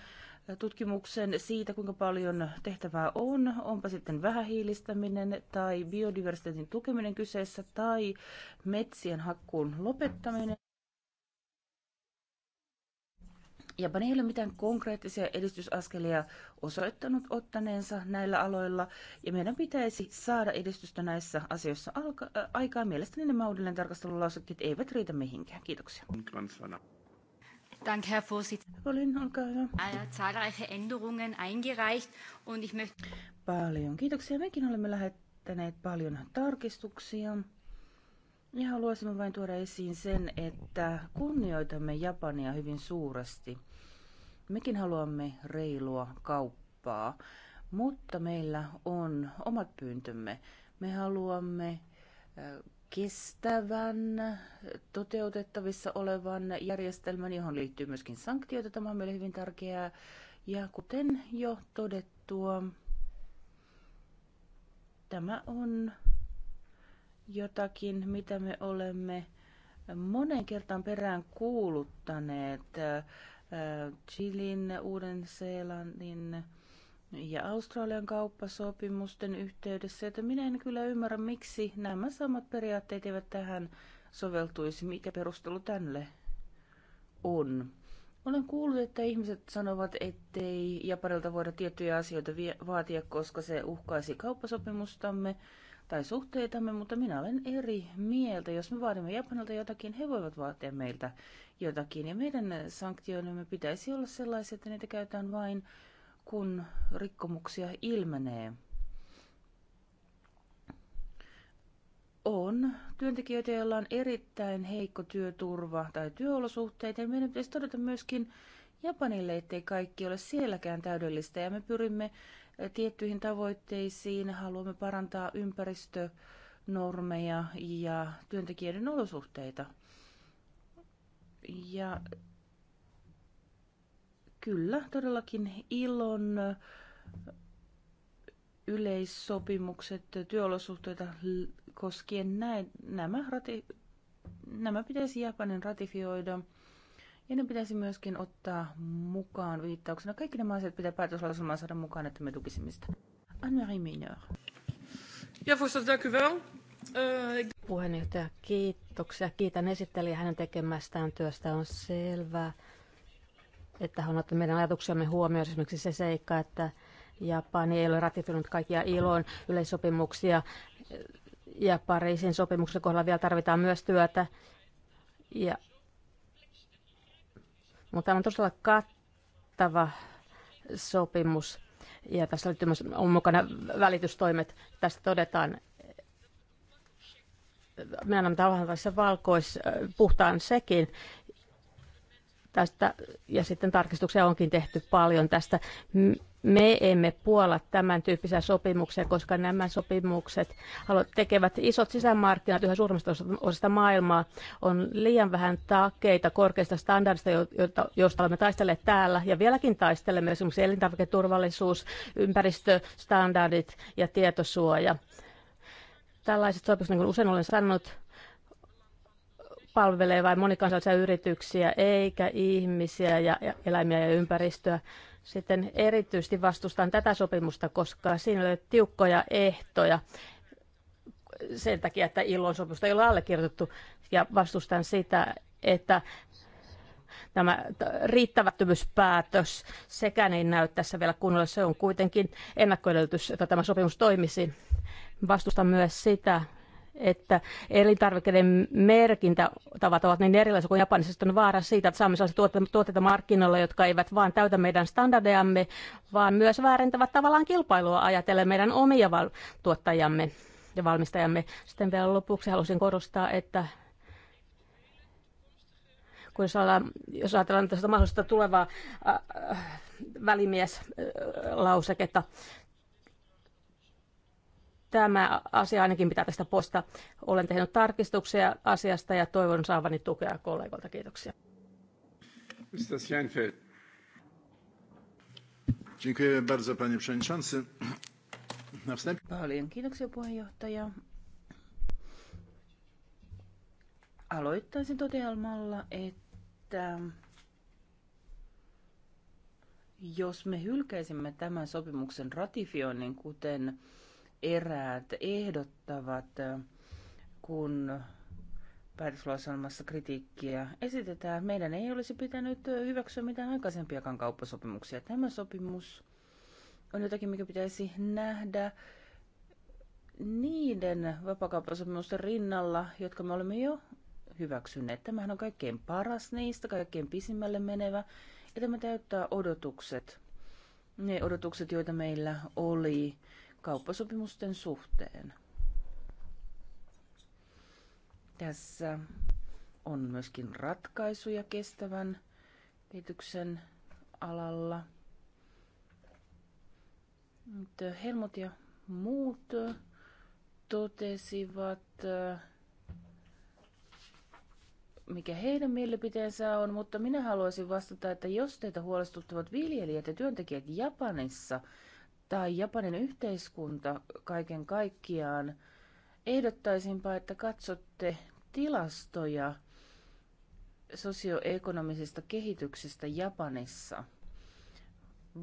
tutkimuksen siitä, kuinka paljon tehtävää on, onpa sitten vähähiilistäminen tai biodiversiteetin tukeminen kyseessä tai metsien hakkuun lopettaminen. Japani ei ole mitään konkreettisia edistysaskelia osoittanut ottaneensa näillä aloilla, ja meidän pitäisi saada edistystä näissä asioissa alka- aikaa. Mielestäni nämä uudelleen tarkastelulausekkeet eivät riitä mihinkään. Kiitoksia. Dank, Herr Vorsitzender. Olin, olkaa hyvä. Zahlreiche Änderungen eingereicht und ich möchte... Paljon kiitoksia. Mekin olemme lähettäneet paljon tarkistuksia. Ja haluaisin vain tuoda esiin sen, että kunnioitamme Japania hyvin suuresti. Mekin haluamme reilua kauppaa, mutta meillä on omat pyyntömme. Me haluamme kestävän, toteutettavissa olevan järjestelmän, johon liittyy myöskin sanktioita. Tämä on meille hyvin tärkeää. Ja kuten jo todettua, tämä on jotakin, mitä me olemme monen kertaan perään kuuluttaneet äh, Chilin, Uuden-Seelannin, ja Australian kauppasopimusten yhteydessä, että minä en kyllä ymmärrä, miksi nämä samat periaatteet eivät tähän soveltuisi, mikä perustelu tälle on. Olen kuullut, että ihmiset sanovat, ettei Japanilta voida tiettyjä asioita vaatia, koska se uhkaisi kauppasopimustamme tai suhteitamme, mutta minä olen eri mieltä. Jos me vaadimme Japanilta jotakin, he voivat vaatia meiltä jotakin. Ja meidän sanktioimme pitäisi olla sellaisia, että niitä käytetään vain kun rikkomuksia ilmenee. On työntekijöitä, joilla on erittäin heikko työturva tai työolosuhteet, ja meidän pitäisi todeta myöskin Japanille, ettei kaikki ole sielläkään täydellistä, ja me pyrimme eh, tiettyihin tavoitteisiin, haluamme parantaa ympäristönormeja ja työntekijöiden olosuhteita. Ja kyllä todellakin ilon yleissopimukset työolosuhteita koskien näin, nämä, rati, nämä pitäisi Japanin ratifioida ja ne pitäisi myöskin ottaa mukaan viittauksena. Kaikki nämä asiat pitää päätöslauselmaan saada mukaan, että me tukisimme sitä. Anne-Marie Mineur. Ja dank eh, Puheenjohtaja, kiitoksia. Kiitän esittelijä hänen tekemästään työstä. On selvää, että on ottanut meidän ajatuksiamme huomioon esimerkiksi se seikka, että Japani ei ole ratifioinut kaikkia ilon yleissopimuksia ja Pariisin sopimuksen kohdalla vielä tarvitaan myös työtä. Ja, mutta tämä on tosiaan kattava sopimus ja tässä on mukana välitystoimet. Tästä todetaan, me annamme tavallaan valkois, puhtaan sekin tästä, ja sitten tarkistuksia onkin tehty paljon tästä. Me emme puola tämän tyyppisiä sopimuksia, koska nämä sopimukset tekevät isot sisämarkkinat yhä suurimmasta osasta maailmaa. On liian vähän takeita korkeista standardista, joista olemme taistelleet täällä ja vieläkin taistelemme esimerkiksi elintarviketurvallisuus, ympäristöstandardit ja tietosuoja. Tällaiset sopimukset, niin kuin usein olen sanonut, palvelee vain monikansallisia yrityksiä eikä ihmisiä ja, eläimiä ja ympäristöä. Sitten erityisesti vastustan tätä sopimusta, koska siinä oli tiukkoja ehtoja sen takia, että ilon sopimusta ei ole allekirjoitettu. Ja vastustan sitä, että tämä riittävättömyyspäätös, sekään ei näy tässä vielä kunnolla. Se on kuitenkin ennakkoedellytys, että tämä sopimus toimisi. Vastustan myös sitä, että elintarvikkeiden merkintätavat ovat niin erilaisia kuin Japanissa, on vaara siitä, että saamme sellaisia tuotteita markkinoilla, jotka eivät vain täytä meidän standardejamme, vaan myös väärentävät tavallaan kilpailua ajatellen meidän omia tuottajamme ja valmistajamme. Sitten vielä lopuksi haluaisin korostaa, että kun jos, ollaan, jos ajatellaan tästä mahdollisesta tulevaa äh, välimieslauseketta, äh, Tämä asia ainakin pitää tästä poistaa. Olen tehnyt tarkistuksia asiasta ja toivon saavani tukea kollegoilta. Kiitoksia. Paljon kiitoksia, puheenjohtaja. Aloittaisin toteamalla, että jos me hylkäisimme tämän sopimuksen ratifioinnin, kuten eräät ehdottavat, kun päätöslauselmassa kritiikkiä esitetään. Meidän ei olisi pitänyt hyväksyä mitään aikaisempiakaan kauppasopimuksia. Tämä sopimus on jotakin, mikä pitäisi nähdä niiden vapakauppasopimusten rinnalla, jotka me olemme jo hyväksyneet. Tämähän on kaikkein paras niistä, kaikkein pisimmälle menevä, ja tämä täyttää odotukset. Ne odotukset, joita meillä oli kauppasopimusten suhteen. Tässä on myöskin ratkaisuja kestävän kehityksen alalla. Eh, Helmut ja muut eh, totesivat, eh, mikä heidän mielipiteensä on, mutta minä haluaisin vastata, että jos teitä huolestuttavat viljelijät ja työntekijät Japanissa – tai Japanin yhteiskunta kaiken kaikkiaan, ehdottaisinpa, että katsotte tilastoja sosioekonomisesta kehityksestä Japanissa.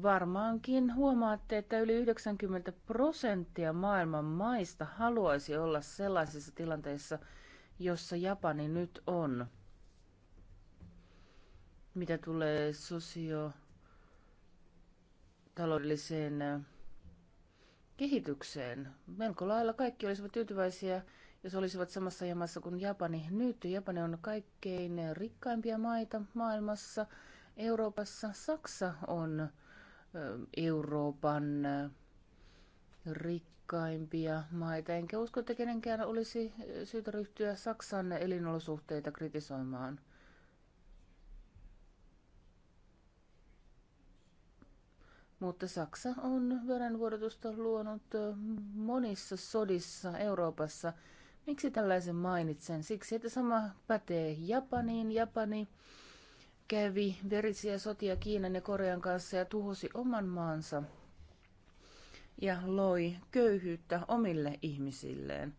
Varmaankin huomaatte, että yli 90 prosenttia maailman maista haluaisi olla sellaisessa tilanteessa, jossa Japani nyt on. Mitä tulee sosio taloudelliseen kehitykseen. Melko lailla kaikki olisivat tyytyväisiä, jos olisivat samassa jamassa kuin Japani nyt. Japani on kaikkein rikkaimpia maita maailmassa. Euroopassa Saksa on Euroopan rikkaimpia maita. Enkä usko, että kenenkään olisi syytä ryhtyä Saksan elinolosuhteita kritisoimaan. Mutta Saksa on verenvuodatusta luonut monissa sodissa Euroopassa. Miksi tällaisen mainitsen? Siksi, että sama pätee Japaniin. Japani kävi verisiä sotia Kiinan ja Korean kanssa ja tuhosi oman maansa ja loi köyhyyttä omille ihmisilleen.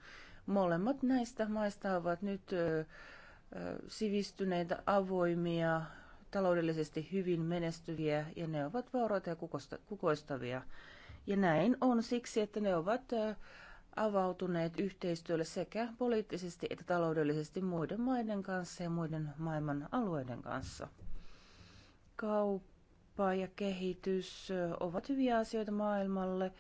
Molemmat näistä maista ovat nyt ö, ö, sivistyneitä, avoimia, taloudellisesti hyvin menestyviä ja ne ovat vauraita ja kukoistavia. Ja näin on siksi, että ne ovat avautuneet yhteistyölle sekä poliittisesti että taloudellisesti muiden maiden kanssa ja muiden maailman alueiden kanssa. Kauppa ja kehitys ovat hyviä asioita maailmalle,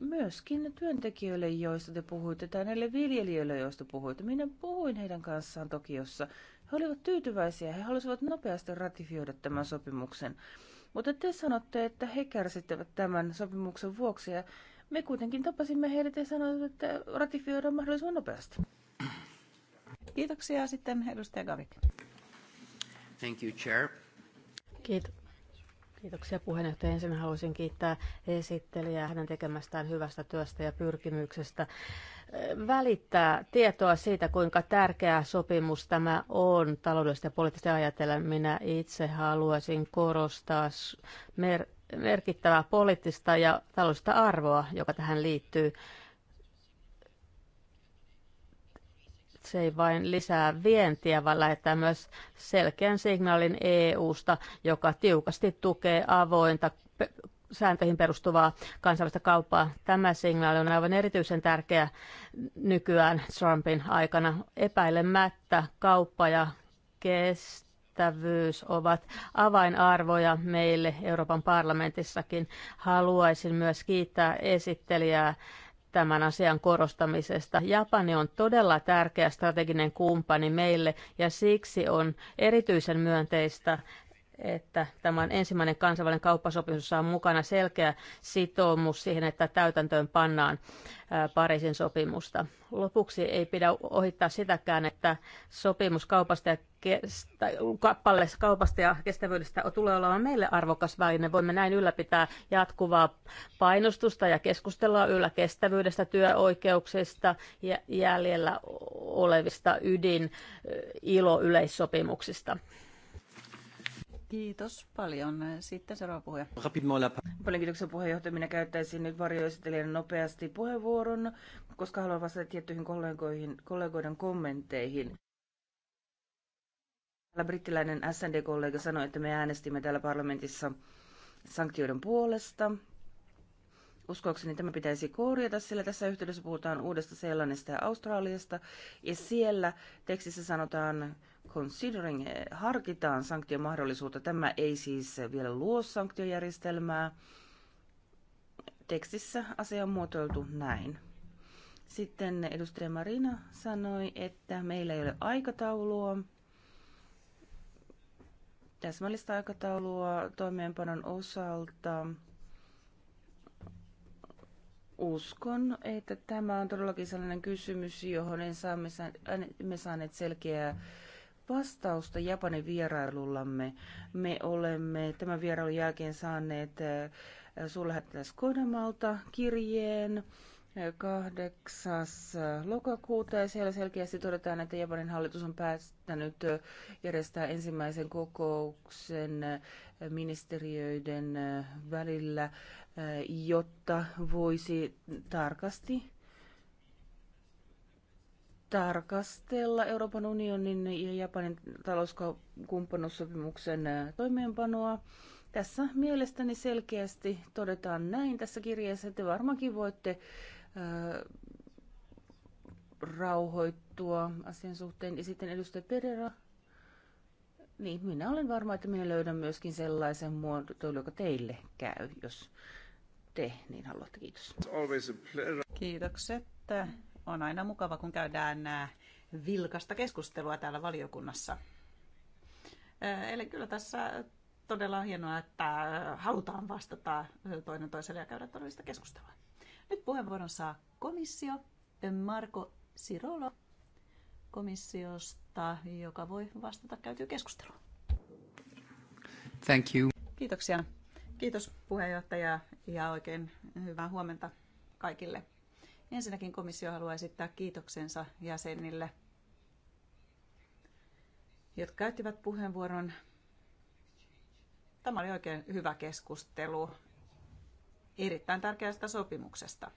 myöskin työntekijöille, joista te puhuitte, tai näille viljelijöille, joista puhuitte. Minä puhuin heidän kanssaan Tokiossa. He olivat tyytyväisiä, he halusivat nopeasti ratifioida tämän sopimuksen. Mutta te sanotte, että he kärsittävät tämän sopimuksen vuoksi ja me kuitenkin tapasimme heidät ja sanoivat, että ratifioidaan mahdollisimman nopeasti. Kiitoksia sitten edustaja Gavik. Thank you, Chair. Kiitos. Kiitoksia puheenjohtaja. Ensin haluaisin kiittää esittelijää hänen tekemästään hyvästä työstä ja pyrkimyksestä välittää tietoa siitä, kuinka tärkeä sopimus tämä on taloudellisesti ja poliittisesti ajatellen. Minä itse haluaisin korostaa mer- merkittävää poliittista ja taloudellista arvoa, joka tähän liittyy. se ei vain lisää vientiä, vaan lähettää myös selkeän signaalin EU-sta, joka tiukasti tukee avointa sääntöihin perustuvaa kansainvälistä kauppaa. Tämä signaali on aivan erityisen tärkeä nykyään Trumpin aikana. Epäilemättä kauppa ja kestävyys ovat avainarvoja meille Euroopan parlamentissakin. Haluaisin myös kiittää esittelijää tämän asian korostamisesta. Japani on todella tärkeä strateginen kumppani meille ja siksi on erityisen myönteistä, että tämä on ensimmäinen kansainvälinen kauppasopimus, jossa on mukana selkeä sitoumus siihen, että täytäntöön pannaan Pariisin sopimusta. Lopuksi ei pidä ohittaa sitäkään, että sopimus kaupasta ja kestä, kaupasta ja kestävyydestä tulee olemaan meille arvokas väline. Voimme näin ylläpitää jatkuvaa painostusta ja keskustella yllä kestävyydestä, työoikeuksista ja jäljellä olevista ydin ilo yleissopimuksista. Kiitos paljon. Sitten seuraava puhuja. Paljon kiitoksia puheenjohtaja. Minä käyttäisin nyt varjoesittelijän nopeasti puheenvuoron, koska haluan vastata tiettyihin kollegoihin, kollegoiden kommentteihin. Täällä brittiläinen SND-kollega sanoi, että me äänestimme täällä parlamentissa sanktioiden puolesta. Uskoakseni tämä pitäisi korjata, sillä tässä yhteydessä puhutaan uudesta Seelannista ja Australiasta, ja siellä tekstissä sanotaan considering, eh, harkitaan sanktiomahdollisuutta. Tämä ei siis vielä luo sanktiojärjestelmää. Tekstissä asia on muotoiltu näin. Sitten edustaja Marina sanoi, että meillä ei ole aikataulua, täsmällistä aikataulua toimeenpanon osalta. Uskon, että tämä on todellakin sellainen kysymys, johon en saa, me, me saaneet selkeää vastausta Japanin vierailullamme. Me olemme tämän vierailun jälkeen saaneet suurlähettiläs Kodamalta kirjeen 8. lokakuuta ja siellä selkeästi todetaan, että Japanin hallitus on päättänyt järjestää ensimmäisen kokouksen ministeriöiden välillä jotta voisi tarkasti tarkastella Euroopan unionin ja Japanin talouskumppanuussopimuksen äh, toimeenpanoa. Tässä mielestäni selkeästi todetaan näin tässä kirjeessä, että varmaankin voitte äh, rauhoittua asian suhteen. Ja sitten edustaja Pereira. Niin, minä olen varma, että minä löydän myöskin sellaisen muotoilun, joka teille käy, jos te niin haluatte. Kiitos. Kiitokset. On aina mukava, kun käydään vilkasta keskustelua täällä valiokunnassa. Eli kyllä tässä todella on hienoa, että halutaan vastata toinen toiselle ja käydä todellista keskustelua. Nyt puheenvuoron saa komissio Marko Sirolo komissiosta, joka voi vastata käytyy keskusteluun. Thank you. Kiitoksia Kiitos puheenjohtaja ja oikein hyvää huomenta kaikille. Ensinnäkin komissio haluaa esittää kiitoksensa jäsenille, jotka käyttivät puheenvuoron. Tämä oli oikein hyvä keskustelu erittäin tärkeästä sopimuksesta.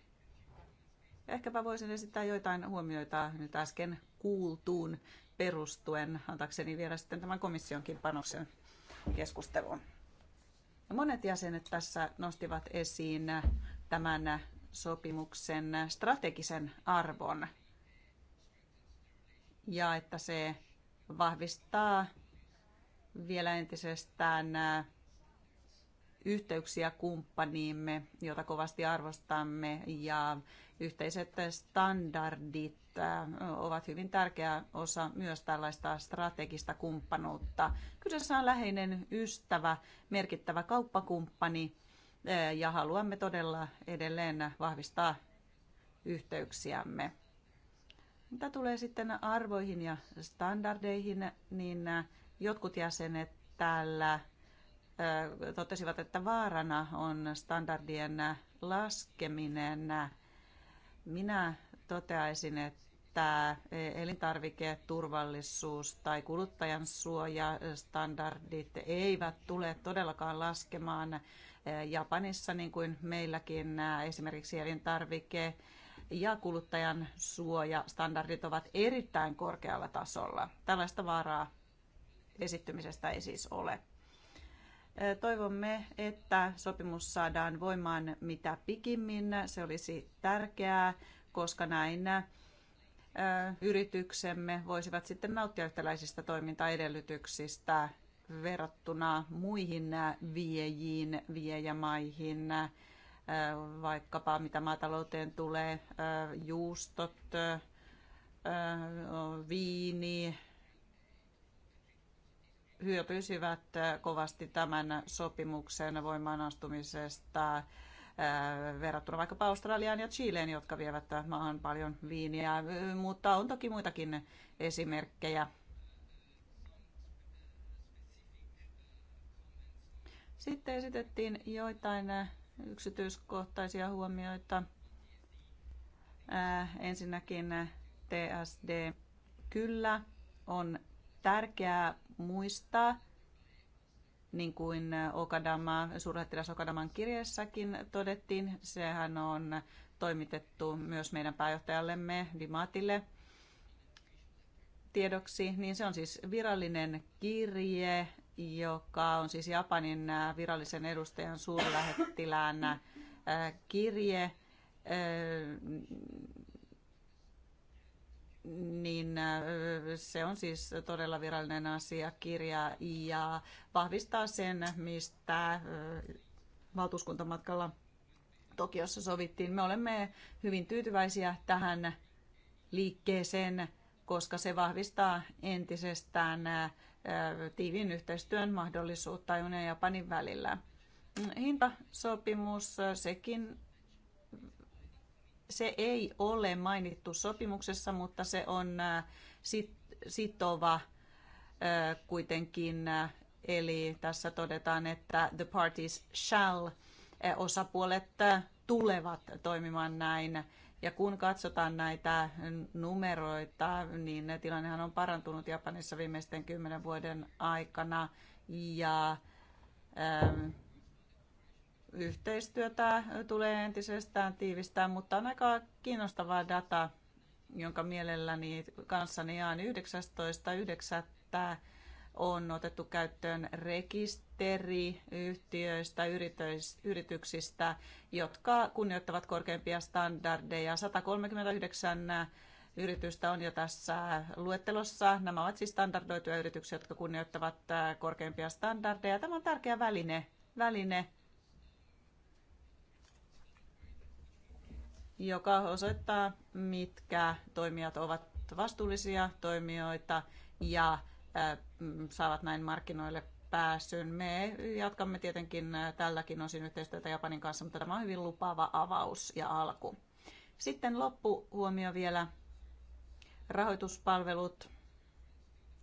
Ehkäpä voisin esittää joitain huomioita nyt äsken kuultuun perustuen, antaakseni vielä sitten tämän komissionkin panoksen keskusteluun. Monet jäsenet tässä nostivat esiin tämän sopimuksen strategisen arvon ja että se vahvistaa vielä entisestään yhteyksiä kumppaniimme, jota kovasti arvostamme, ja yhteiset standardit äh, ovat hyvin tärkeä osa myös tällaista strategista kumppanuutta. Kyseessä on läheinen ystävä, merkittävä kauppakumppani, äh, ja haluamme todella edelleen vahvistaa yhteyksiämme. Mitä tulee sitten arvoihin ja standardeihin, niin äh, jotkut jäsenet täällä totesivat, että vaarana on standardien laskeminen. Minä toteaisin, että elintarviketurvallisuus tai kuluttajan suojastandardit eivät tule todellakaan laskemaan Japanissa niin kuin meilläkin esimerkiksi elintarvike ja kuluttajan suojastandardit ovat erittäin korkealla tasolla. Tällaista vaaraa esittymisestä ei siis ole. Toivomme, että sopimus saadaan voimaan mitä pikimmin. Se olisi tärkeää, koska näin yrityksemme voisivat sitten nauttia yhtäläisistä toimintaedellytyksistä verrattuna muihin viejiin, viejämaihin, vaikkapa mitä maatalouteen tulee, juustot, viini, hyötyisivät äh, kovasti tämän sopimuksen voimaan astumisesta äh, verrattuna vaikkapa Australiaan ja Chileen, jotka vievät maahan paljon viiniä, äh, mutta on toki muitakin esimerkkejä. Sitten esitettiin joitain yksityiskohtaisia huomioita. Ensinnäkin TSD. Kyllä, on tärkeää muistaa, niin kuin Okadama, suurlähettiläs Okadaman kirjassakin todettiin, sehän on toimitettu myös meidän pääjohtajallemme Dimatille tiedoksi, niin se on siis virallinen kirje, joka on siis Japanin virallisen edustajan suurlähettilään äh, kirje äh, niin äh, se on siis todella virallinen asiakirja ja vahvistaa sen, mistä äh, valtuuskuntamatkalla Tokiossa sovittiin. Me olemme hyvin tyytyväisiä tähän liikkeeseen, koska se vahvistaa entisestään äh, tiivin yhteistyön mahdollisuutta EUn ja Japanin välillä. Hintasopimus, sekin se ei ole mainittu sopimuksessa, mutta se on äh, sit, sitova äh, kuitenkin. Äh, eli tässä todetaan, että the parties shall, osapuolet tulevat toimimaan näin. Ja kun katsotaan näitä numeroita, niin tilannehan on parantunut Japanissa viimeisten kymmenen vuoden aikana. Ja ähm, Yhteistyötä tulee entisestään tiivistää, mutta on aika kiinnostavaa dataa, jonka mielelläni kanssani jaan 19.9. on otettu käyttöön rekisteri yhtiöistä, yrityksistä, jotka kunnioittavat korkeimpia standardeja. 139 yritystä on jo tässä luettelossa. Nämä ovat siis standardoituja yrityksiä, jotka kunnioittavat korkeimpia standardeja. Tämä on tärkeä väline, väline joka osoittaa, mitkä toimijat ovat vastuullisia toimijoita ja mm, saavat näin markkinoille pääsyn. Me jatkamme tietenkin tälläkin osin yhteistyötä Japanin kanssa, mutta tämä on hyvin lupaava avaus ja alku. Sitten loppuhuomio vielä. Rahoituspalvelut.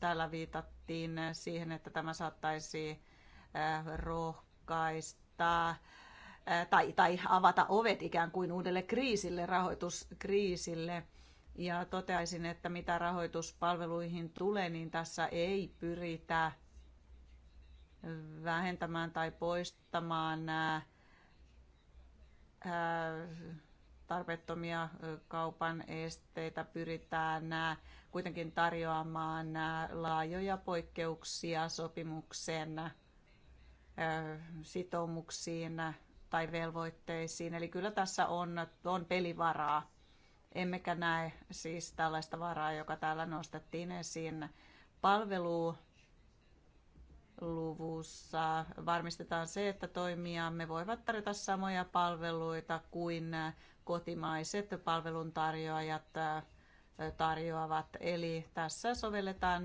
Täällä viitattiin siihen, että tämä saattaisi rohkaista tai, tai avata ovet ikään kuin uudelle kriisille, rahoituskriisille. Ja toteaisin, että mitä rahoituspalveluihin tulee, niin tässä ei pyritä vähentämään tai poistamaan nämä tarpeettomia kaupan esteitä pyritään kuitenkin tarjoamaan laajoja poikkeuksia sopimuksen sitoumuksiin tai velvoitteisiin. Eli kyllä tässä on, on pelivaraa. Emmekä näe siis tällaista varaa, joka täällä nostettiin esiin. Palveluluvussa varmistetaan se, että toimijamme voivat tarjota samoja palveluita kuin kotimaiset palveluntarjoajat tarjoavat. Eli tässä sovelletaan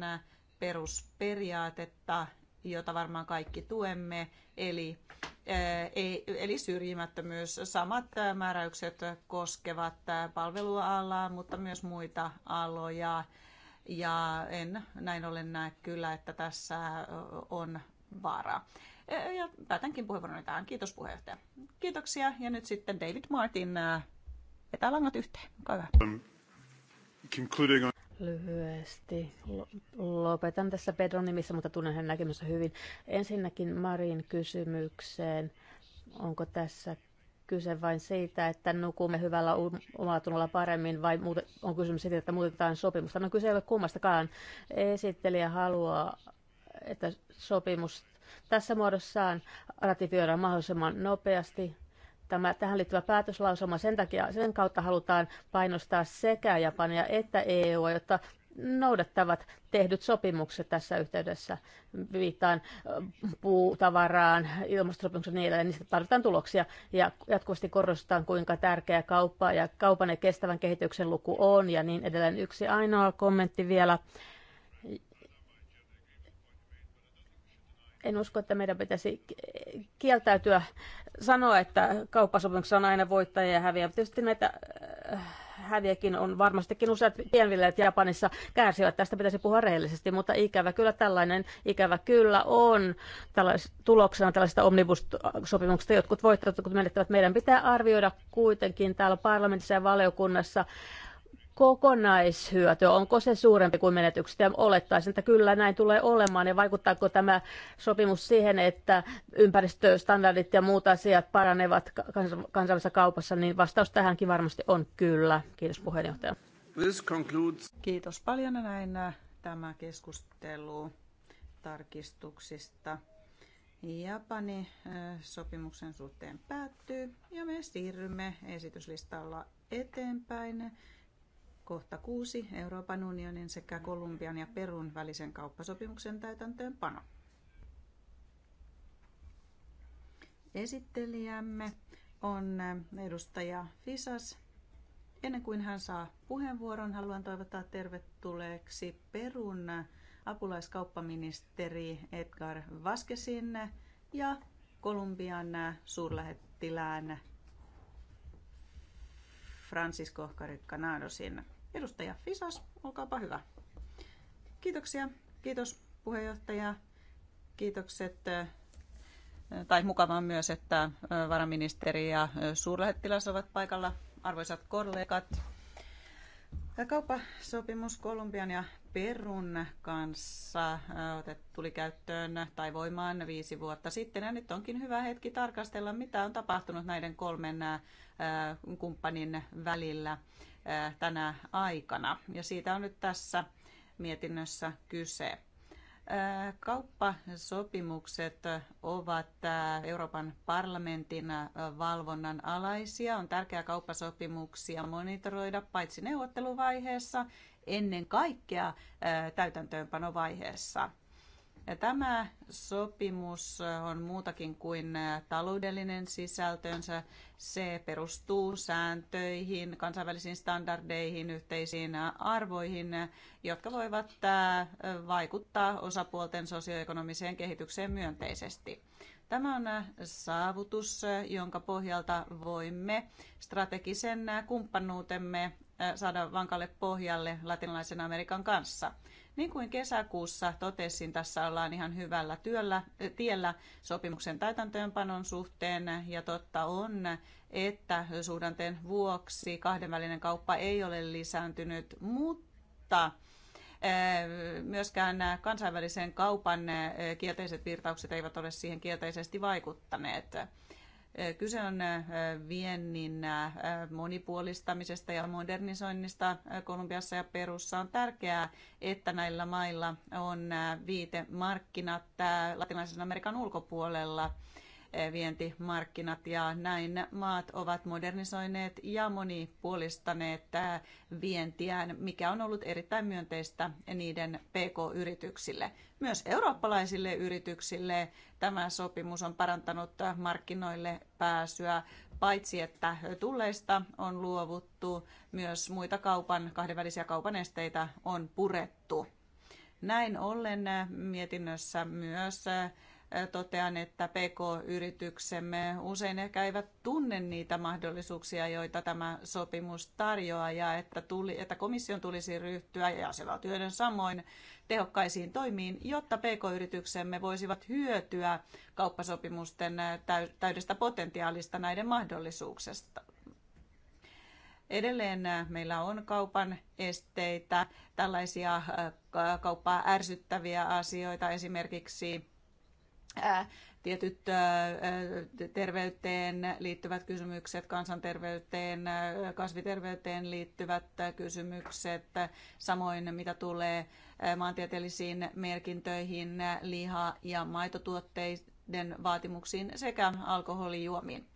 perusperiaatetta, jota varmaan kaikki tuemme, eli Eh, eli syrjimättömyys. Samat eh, määräykset koskevat eh, palvelualaa, mutta myös muita aloja. Ja en näin ollen näe kyllä, että tässä on vaaraa. Ja päätänkin puheenvuoron tähän. Kiitos puheenjohtaja. Kiitoksia. Ja nyt sitten David Martin vetää langat yhteen. Olkaa hyvä. Um, lyhyesti. Lopetan tässä Pedron nimissä, mutta tunnen hänen näkemyksensä hyvin. Ensinnäkin Marin kysymykseen. Onko tässä kyse vain siitä, että nukumme hyvällä omatunnolla tunnolla paremmin vai on kysymys siitä, että muutetaan sopimusta? No kyse ei ole kummastakaan. Esittelijä haluaa, että sopimus tässä muodossaan ratifioidaan mahdollisimman nopeasti tämä tähän liittyvä päätöslausuma. Sen takia sen kautta halutaan painostaa sekä Japania että EU, jotta noudattavat tehdyt sopimukset tässä yhteydessä. Viittaan puutavaraan, ilmastosopimukset ja niin Niistä tarvitaan tuloksia ja jatkuvasti korostetaan, kuinka tärkeä kauppa ja kaupan ja kestävän kehityksen luku on ja niin edelleen. Yksi ainoa kommentti vielä en usko, että meidän pitäisi kieltäytyä sanoa, että kauppasopimuksessa on aina voittajia ja häviä. Tietysti näitä äh, häviäkin on varmastikin useat pienvilleet Japanissa kärsivät. Tästä pitäisi puhua rehellisesti, mutta ikävä kyllä tällainen ikävä kyllä on tällais, tuloksena tällaista omnibus-sopimuksesta. Jotkut voittajat, jotkut menettävät. Meidän pitää arvioida kuitenkin täällä parlamentissa ja valiokunnassa kokonaishyöty, onko se suurempi kuin menetykset? Ja olettaisin, että kyllä näin tulee olemaan. Ja vaikuttaako tämä sopimus siihen, että ympäristöstandardit ja muut asiat paranevat kansainvälisessä kaupassa, niin vastaus tähänkin varmasti on kyllä. Kiitos puheenjohtaja. Kiitos paljon näin äh, tämä keskustelu tarkistuksista. Japani äh, sopimuksen suhteen päättyy ja me siirrymme esityslistalla eteenpäin. Kohta 6. Euroopan unionin sekä Kolumbian ja Perun välisen kauppasopimuksen täytäntöönpano. Esittelijämme on äh, edustaja Fisas. Ennen kuin hän saa puheenvuoron, haluan toivottaa tervetulleeksi Perun äh, apulaiskauppaministeri Edgar Vaskesin ja Kolumbian äh, suurlähettilään Francisco Caricanadosin. Edustaja Fisas, olkaapa hyvä. Kiitoksia. Kiitos puheenjohtaja. Kiitokset tai mukavaa myös, että varaministeri ja suurlähettiläs ovat paikalla, arvoisat kollegat. Kauppasopimus Kolumbian ja Perun kanssa tuli käyttöön tai voimaan viisi vuotta sitten. Ja nyt onkin hyvä hetki tarkastella, mitä on tapahtunut näiden kolmen kumppanin välillä tänä aikana. Ja siitä on nyt tässä mietinnössä kyse. Kauppasopimukset ovat Euroopan parlamentin valvonnan alaisia. On tärkeää kauppasopimuksia monitoroida paitsi neuvotteluvaiheessa, ennen kaikkea täytäntöönpanovaiheessa. Tämä sopimus on muutakin kuin taloudellinen sisältönsä. Se perustuu sääntöihin, kansainvälisiin standardeihin, yhteisiin arvoihin, jotka voivat äh, vaikuttaa osapuolten sosioekonomiseen kehitykseen myönteisesti. Tämä on äh, saavutus, jonka pohjalta voimme strategisen äh, kumppanuutemme saada vankalle pohjalle latinalaisen Amerikan kanssa. Niin kuin kesäkuussa totesin, tässä ollaan ihan hyvällä työllä, tiellä sopimuksen täytäntöönpanon suhteen ja totta on, että suhdanteen vuoksi kahdenvälinen kauppa ei ole lisääntynyt, mutta myöskään kansainvälisen kaupan kielteiset virtaukset eivät ole siihen kielteisesti vaikuttaneet. Kyse on viennin monipuolistamisesta ja modernisoinnista Kolumbiassa ja Perussa. On tärkeää, että näillä mailla on viitemarkkinat latinalaisen Amerikan ulkopuolella – vientimarkkinat ja näin maat ovat modernisoineet ja monipuolistaneet vientiään, mikä on ollut erittäin myönteistä niiden PK-yrityksille. Myös eurooppalaisille yrityksille tämä sopimus on parantanut markkinoille pääsyä, paitsi että tulleista on luovuttu, myös muita kaupan, kahdenvälisiä kaupan esteitä on purettu. Näin ollen mietinnössä myös totean, että PK-yrityksemme usein ehkä eivät tunne niitä mahdollisuuksia, joita tämä sopimus tarjoaa, ja että, tuli, että komission tulisi ryhtyä ja jäsenvaltioiden samoin tehokkaisiin toimiin, jotta PK-yrityksemme voisivat hyötyä kauppasopimusten täydestä potentiaalista näiden mahdollisuuksista. Edelleen meillä on kaupan esteitä, tällaisia äh, kauppaa ärsyttäviä asioita, esimerkiksi tietyt terveyteen liittyvät kysymykset, kansanterveyteen, kasviterveyteen liittyvät kysymykset, samoin mitä tulee maantieteellisiin merkintöihin, liha- ja maitotuotteiden vaatimuksiin sekä alkoholijuomiin.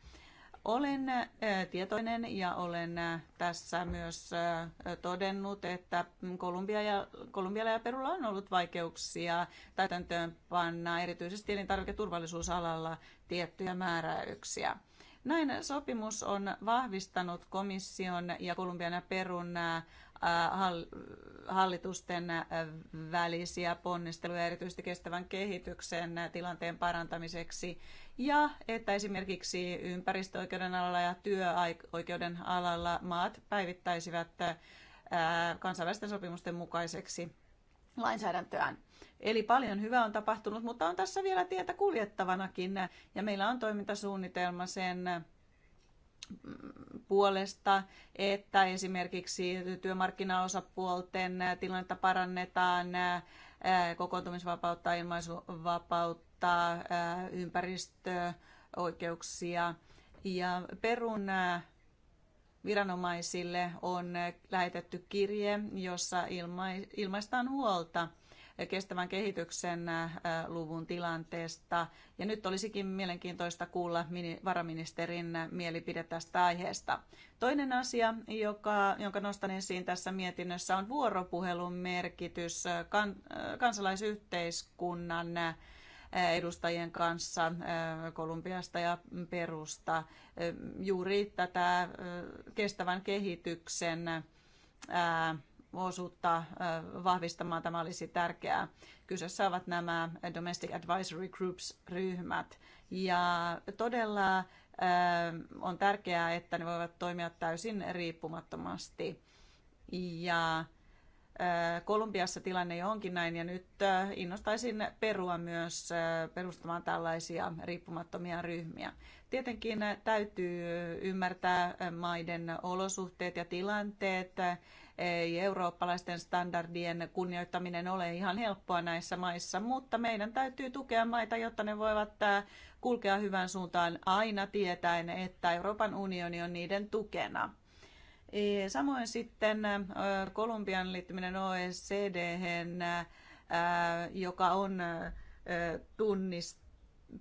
Olen äh, tietoinen ja olen äh, tässä myös äh, todennut, että Kolumbia ja, Kolumbialla ja Perulla on ollut vaikeuksia täytäntöönpanna erityisesti elintarviketurvallisuusalalla tiettyjä määräyksiä. Näin sopimus on vahvistanut komission ja Kolumbian ja Perun Äh, hallitusten äh, välisiä ponnisteluja erityisesti kestävän kehityksen äh, tilanteen parantamiseksi ja että esimerkiksi ympäristöoikeuden alalla ja työoikeuden alalla maat päivittäisivät kansainvälisten sopimusten mukaiseksi lainsäädäntöään. Eli paljon hyvää on tapahtunut, mutta on tässä vielä tietä kuljettavanakin ja meillä on toimintasuunnitelma sen puolesta, että esimerkiksi työmarkkinaosapuolten tilannetta parannetaan, kokoontumisvapautta, ilmaisuvapautta, ympäristöoikeuksia. Ja Perun viranomaisille on lähetetty kirje, jossa ilmaistaan huolta – kestävän kehityksen luvun tilanteesta. Ja nyt olisikin mielenkiintoista kuulla varaministerin mielipide tästä aiheesta. Toinen asia, joka, jonka nostan esiin tässä mietinnössä, on vuoropuhelun merkitys kan, kansalaisyhteiskunnan edustajien kanssa Kolumbiasta ja Perusta juuri tätä kestävän kehityksen osuutta vahvistamaan. Tämä olisi tärkeää. Kyseessä ovat nämä Domestic Advisory Groups-ryhmät. Ja todella on tärkeää, että ne voivat toimia täysin riippumattomasti. Ja Kolumbiassa tilanne jo onkin näin ja nyt innostaisin Perua myös perustamaan tällaisia riippumattomia ryhmiä. Tietenkin täytyy ymmärtää maiden olosuhteet ja tilanteet ei eurooppalaisten standardien kunnioittaminen ole ihan helppoa näissä maissa, mutta meidän täytyy tukea maita, jotta ne voivat kulkea hyvään suuntaan aina tietäen, että Euroopan unioni on niiden tukena. E, samoin sitten Kolumbian liittyminen OECD, joka on tunnistettu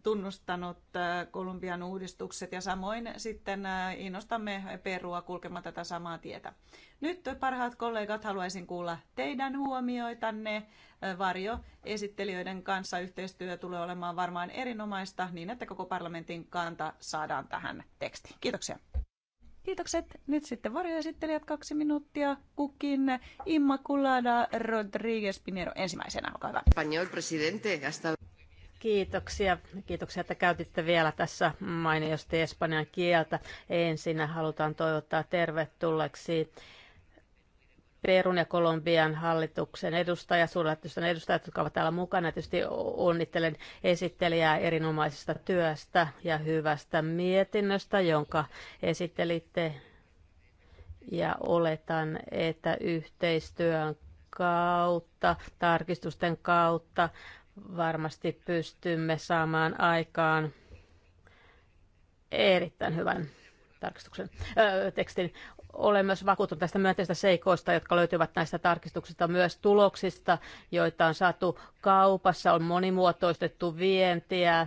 tunnustanut äh, Kolumbian uudistukset ja samoin sitten äh, innostamme Perua kulkemaan tätä samaa tietä. Nyt parhaat kollegat, haluaisin kuulla teidän huomioitanne äh, varjo esittelijöiden kanssa. Yhteistyö tulee olemaan varmaan erinomaista niin, että koko parlamentin kanta saadaan tähän tekstiin. Kiitoksia. Kiitokset. Nyt sitten varjoesittelijät kaksi minuuttia. Kukin Immaculada Rodríguez Pinero ensimmäisenä. Olkaa hyvä. Español, presidente. Hasta... Kiitoksia. Kiitoksia, että käytitte vielä tässä mainiosti espanjan kieltä. Ensin halutaan toivottaa tervetulleeksi Perun ja Kolumbian hallituksen edustaja, suurlähetystön edustajat, jotka ovat täällä mukana. Tietysti onnittelen esittelijää erinomaisesta työstä ja hyvästä mietinnöstä, jonka esittelitte. Ja oletan, että yhteistyön kautta, tarkistusten kautta varmasti pystymme saamaan aikaan erittäin hyvän tarkistuksen, öö, tekstin. Olen myös vakuuttunut tästä myönteistä seikoista, jotka löytyvät näistä tarkistuksista, myös tuloksista, joita on saatu kaupassa, on monimuotoistettu vientiä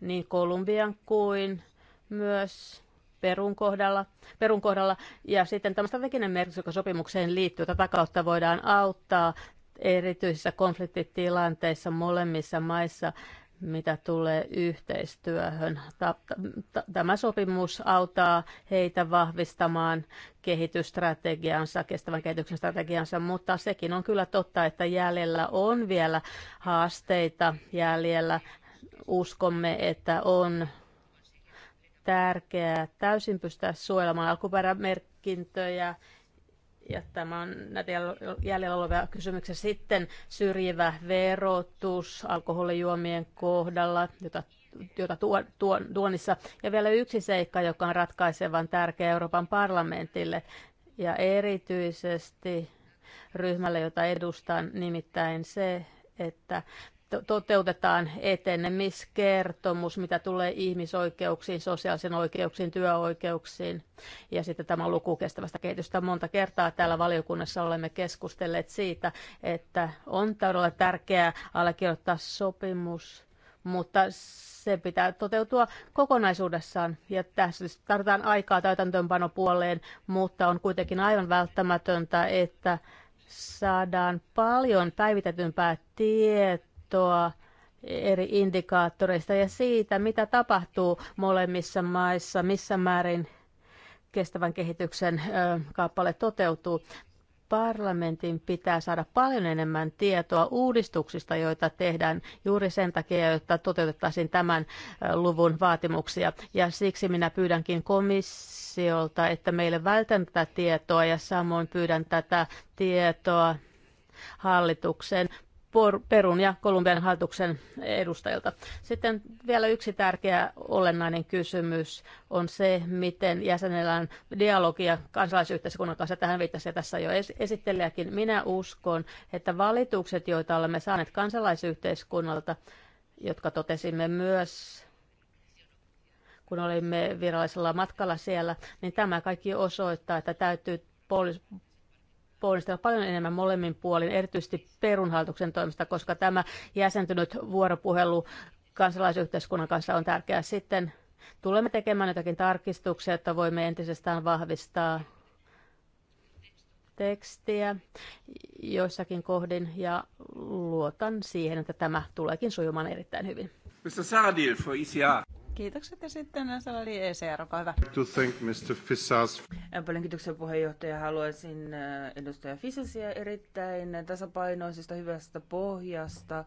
niin Kolumbian kuin myös Perun kohdalla, Perun kohdalla. Ja sitten tämmöistä vekinen merkitys, joka sopimukseen liittyy, tätä kautta voidaan auttaa erityisissä konfliktitilanteissa molemmissa maissa, mitä tulee yhteistyöhön. Tämä sopimus auttaa heitä vahvistamaan kehitysstrategiansa, kestävän kehityksen strategiansa, mutta sekin on kyllä totta, että jäljellä on vielä haasteita jäljellä. Uskomme, että on tärkeää täysin pystyä suojelemaan alkuperämerkintöjä ja tämä on näitä jäljellä olevia kysymyksiä. Sitten syrjivä verotus alkoholijuomien kohdalla, jota, jota tuo, tuo, tuonissa. Ja vielä yksi seikka, joka on ratkaisevan tärkeä Euroopan parlamentille ja erityisesti ryhmälle, jota edustan, nimittäin se, että toteutetaan etenemiskertomus, mitä tulee ihmisoikeuksiin, sosiaalisiin oikeuksiin, työoikeuksiin. Ja sitten tämä luku kestävästä kehitystä. Monta kertaa täällä valiokunnassa olemme keskustelleet siitä, että on todella tärkeää allekirjoittaa sopimus, mutta se pitää toteutua kokonaisuudessaan. Ja tässä siis tarvitaan aikaa täytäntöönpanopuoleen, mutta on kuitenkin aivan välttämätöntä, että saadaan paljon päivitetympää tietoa tietoa eri indikaattoreista ja siitä, mitä tapahtuu molemmissa maissa, missä määrin kestävän kehityksen kappale toteutuu. Parlamentin pitää saada paljon enemmän tietoa uudistuksista, joita tehdään juuri sen takia, jotta toteutettaisiin tämän luvun vaatimuksia. Ja siksi minä pyydänkin komissiolta, että meille vältän tätä tietoa ja samoin pyydän tätä tietoa hallituksen Perun ja Kolumbian hallituksen edustajilta. Sitten vielä yksi tärkeä olennainen kysymys on se, miten jäsenellään dialogia kansalaisyhteiskunnan kanssa. Tähän viittasi tässä jo esittelijäkin. Minä uskon, että valitukset, joita olemme saaneet kansalaisyhteiskunnalta, jotka totesimme myös kun olimme virallisella matkalla siellä, niin tämä kaikki osoittaa, että täytyy ponnistella paljon enemmän molemmin puolin, erityisesti perunhallituksen toimesta, koska tämä jäsentynyt vuoropuhelu kansalaisyhteiskunnan kanssa on tärkeää. Sitten tulemme tekemään jotakin tarkistuksia, että voimme entisestään vahvistaa tekstiä joissakin kohdin ja luotan siihen, että tämä tuleekin sujumaan erittäin hyvin. Mr. Saradil for ECR. Kiitokset ja sitten Salali ECR, olkaa hyvä. To thank Mr. Fissas. Äh, paljon kiitoksia puheenjohtaja. Haluaisin äh, edustaja Fissasia erittäin tasapainoisesta hyvästä pohjasta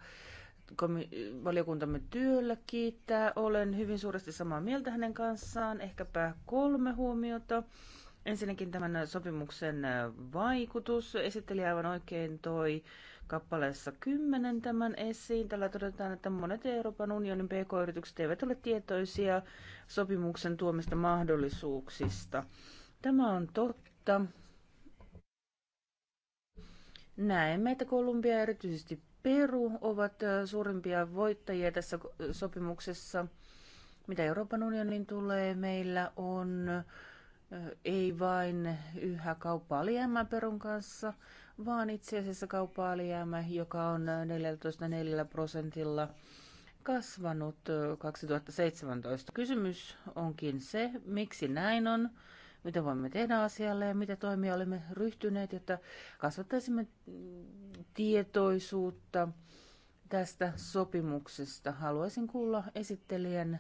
valiokuntamme työllä kiittää. Olen hyvin suuresti samaa mieltä hänen kanssaan. Ehkäpä kolme huomiota. Ensinnäkin tämän sopimuksen äh, vaikutus. Esittelijä aivan oikein toi kappaleessa 10 tämän esiin. Tällä todetaan, että monet Euroopan unionin pk-yritykset eivät ole tietoisia sopimuksen tuomista mahdollisuuksista. Tämä on totta. Näemme, että Kolumbia ja erityisesti Peru ovat suurimpia voittajia tässä sopimuksessa. Mitä Euroopan unionin tulee, meillä on ei vain yhä kauppaa alijäämää Perun kanssa, vaan itse asiassa kauppa alijäämä, joka on 14,4 prosentilla kasvanut 2017. Kysymys onkin se, miksi näin on, mitä voimme tehdä asialle ja mitä toimia olemme ryhtyneet, jotta kasvattaisimme tietoisuutta tästä sopimuksesta. Haluaisin kuulla esittelijän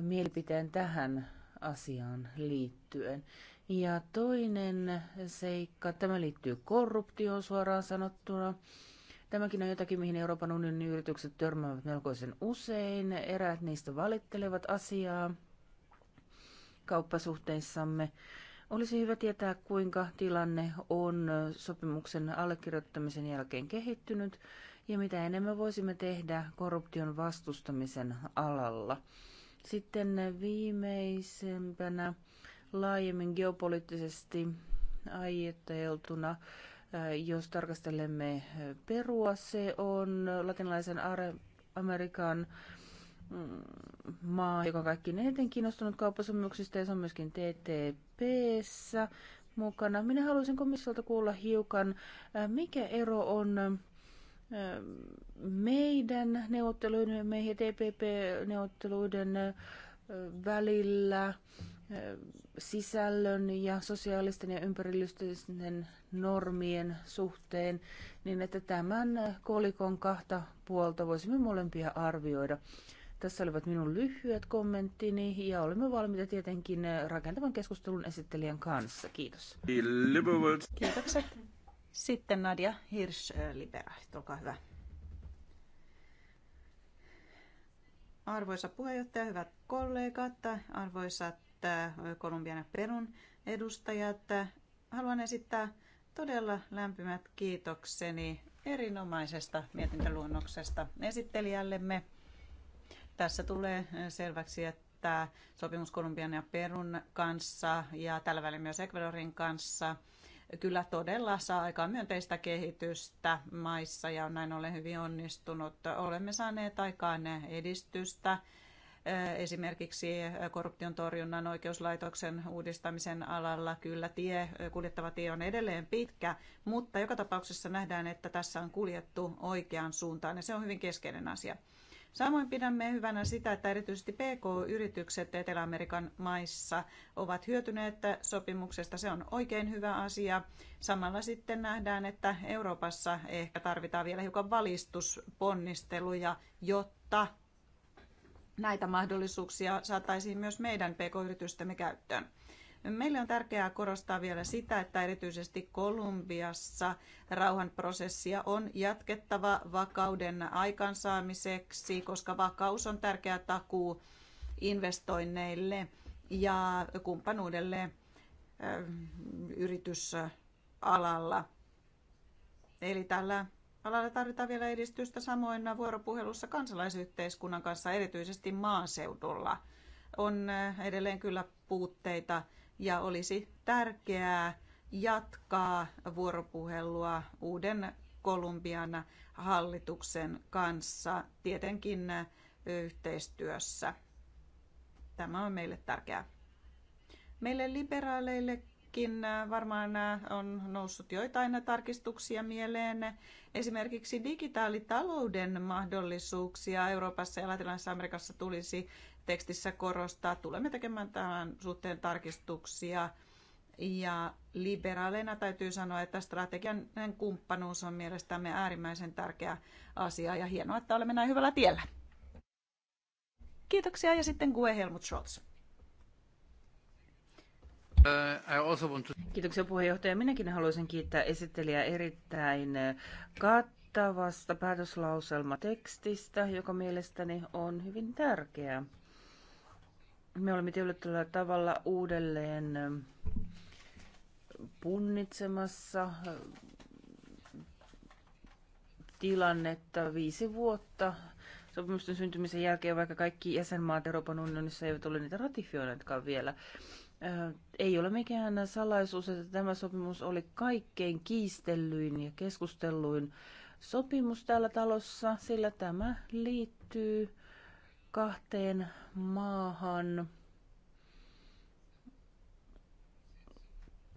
mielipiteen tähän asiaan liittyen. Ja toinen seikka, tämä liittyy korruptioon suoraan sanottuna. Tämäkin on jotakin, mihin Euroopan unionin yritykset törmäävät melkoisen usein. Eräät niistä valittelevat asiaa kauppasuhteissamme. Olisi hyvä tietää, kuinka tilanne on sopimuksen allekirjoittamisen jälkeen kehittynyt ja mitä enemmän voisimme tehdä korruption vastustamisen alalla. Sitten viimeisempänä laajemmin geopoliittisesti aietteltuna. Äh, jos tarkastelemme äh, Perua, se on latinalaisen Amerikan mm, maa, joka on kaikkein eniten kiinnostunut kauppasopimuksista ja se on myöskin TTPssä mukana. Minä haluaisin komissiolta kuulla hiukan, äh, mikä ero on meidän neuvotteluiden, meidän TPP-neuvotteluiden välillä sisällön ja sosiaalisten ja ympärillisten normien suhteen, niin että tämän kolikon kahta puolta voisimme molempia arvioida. Tässä olivat minun lyhyet kommenttini ja olemme valmiita tietenkin rakentavan keskustelun esittelijän kanssa. Kiitos. Kiitokset. Sitten Nadia Hirsch, Libera. Olkaa hyvä. Arvoisa puheenjohtaja, hyvät kollegat, arvoisat Kolumbian ja Perun edustajat. Haluan esittää todella lämpimät kiitokseni erinomaisesta mietintöluonnoksesta esittelijällemme. Tässä tulee selväksi, että sopimus Kolumbian ja Perun kanssa ja tällä välin myös Ecuadorin kanssa kyllä todella saa aikaan myönteistä kehitystä maissa ja on näin ollen hyvin onnistunut. Olemme saaneet aikaan edistystä esimerkiksi korruption torjunnan oikeuslaitoksen uudistamisen alalla. Kyllä tie, kuljettava tie on edelleen pitkä, mutta joka tapauksessa nähdään, että tässä on kuljettu oikeaan suuntaan ja se on hyvin keskeinen asia. Samoin pidämme hyvänä sitä, että erityisesti PK-yritykset Etelä-Amerikan maissa ovat hyötyneet sopimuksesta. Se on oikein hyvä asia. Samalla sitten nähdään, että Euroopassa ehkä tarvitaan vielä hiukan valistusponnisteluja, jotta näitä mahdollisuuksia saataisiin myös meidän pk-yritystemme käyttöön. Meille on tärkeää korostaa vielä sitä, että erityisesti Kolumbiassa rauhanprosessia on jatkettava vakauden aikansaamiseksi, koska vakaus on tärkeä takuu investoinneille ja kumppanuudelle yritysalalla. Eli tällä Alalla tarvitaan vielä edistystä samoin vuoropuhelussa kansalaisyhteiskunnan kanssa, erityisesti maaseudulla. On äh, edelleen kyllä puutteita ja olisi tärkeää jatkaa vuoropuhelua uuden Kolumbian hallituksen kanssa, tietenkin äh, yhteistyössä. Tämä on meille tärkeää. Meille liberaaleille teillekin varmaan on noussut joitain tarkistuksia mieleen. Esimerkiksi digitaalitalouden mahdollisuuksia Euroopassa ja Latinalaisessa Amerikassa tulisi tekstissä korostaa. Tulemme tekemään tähän suhteen tarkistuksia. Ja liberaaleina täytyy sanoa, että strategian kumppanuus on mielestämme äärimmäisen tärkeä asia ja hienoa, että olemme näin hyvällä tiellä. Kiitoksia ja sitten Gue Helmut Scholz. Kiitoksia puheenjohtaja. Minäkin haluaisin kiittää esittelijää erittäin kattavasta päätöslauselmatekstistä, joka mielestäni on hyvin tärkeä. Me olemme tietyllä tavalla uudelleen punnitsemassa tilannetta viisi vuotta sopimusten syntymisen jälkeen, vaikka kaikki jäsenmaat Euroopan unionissa eivät ole niitä ratifioineetkaan vielä. Ei ole mikään salaisuus, että tämä sopimus oli kaikkein kiistellyin ja keskustelluin sopimus täällä talossa, sillä tämä liittyy kahteen maahan.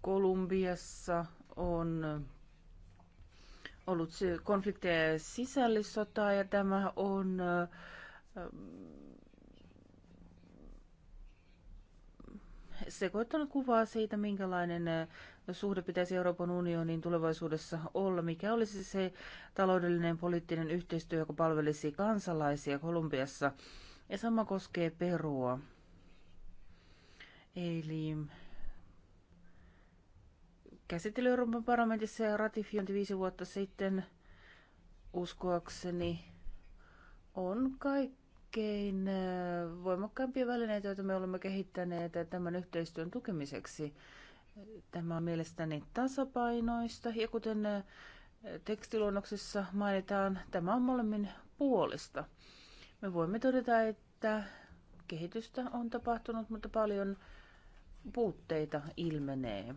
Kolumbiassa on ollut konflikteja ja sisällissota ja tämä on sekoittanut kuvaa siitä, minkälainen suhde pitäisi Euroopan unionin tulevaisuudessa olla, mikä olisi se taloudellinen poliittinen yhteistyö, joka palvelisi kansalaisia Kolumbiassa. Ja sama koskee Perua. Eli käsittely Euroopan parlamentissa ja ratifiointi viisi vuotta sitten uskoakseni on kaikki kaikkein voimakkaimpia välineitä, joita me olemme kehittäneet tämän yhteistyön tukemiseksi. Tämä on mielestäni tasapainoista ja kuten tekstiluonnoksessa mainitaan, tämä on molemmin puolista. Me voimme todeta, että kehitystä on tapahtunut, mutta paljon puutteita ilmenee.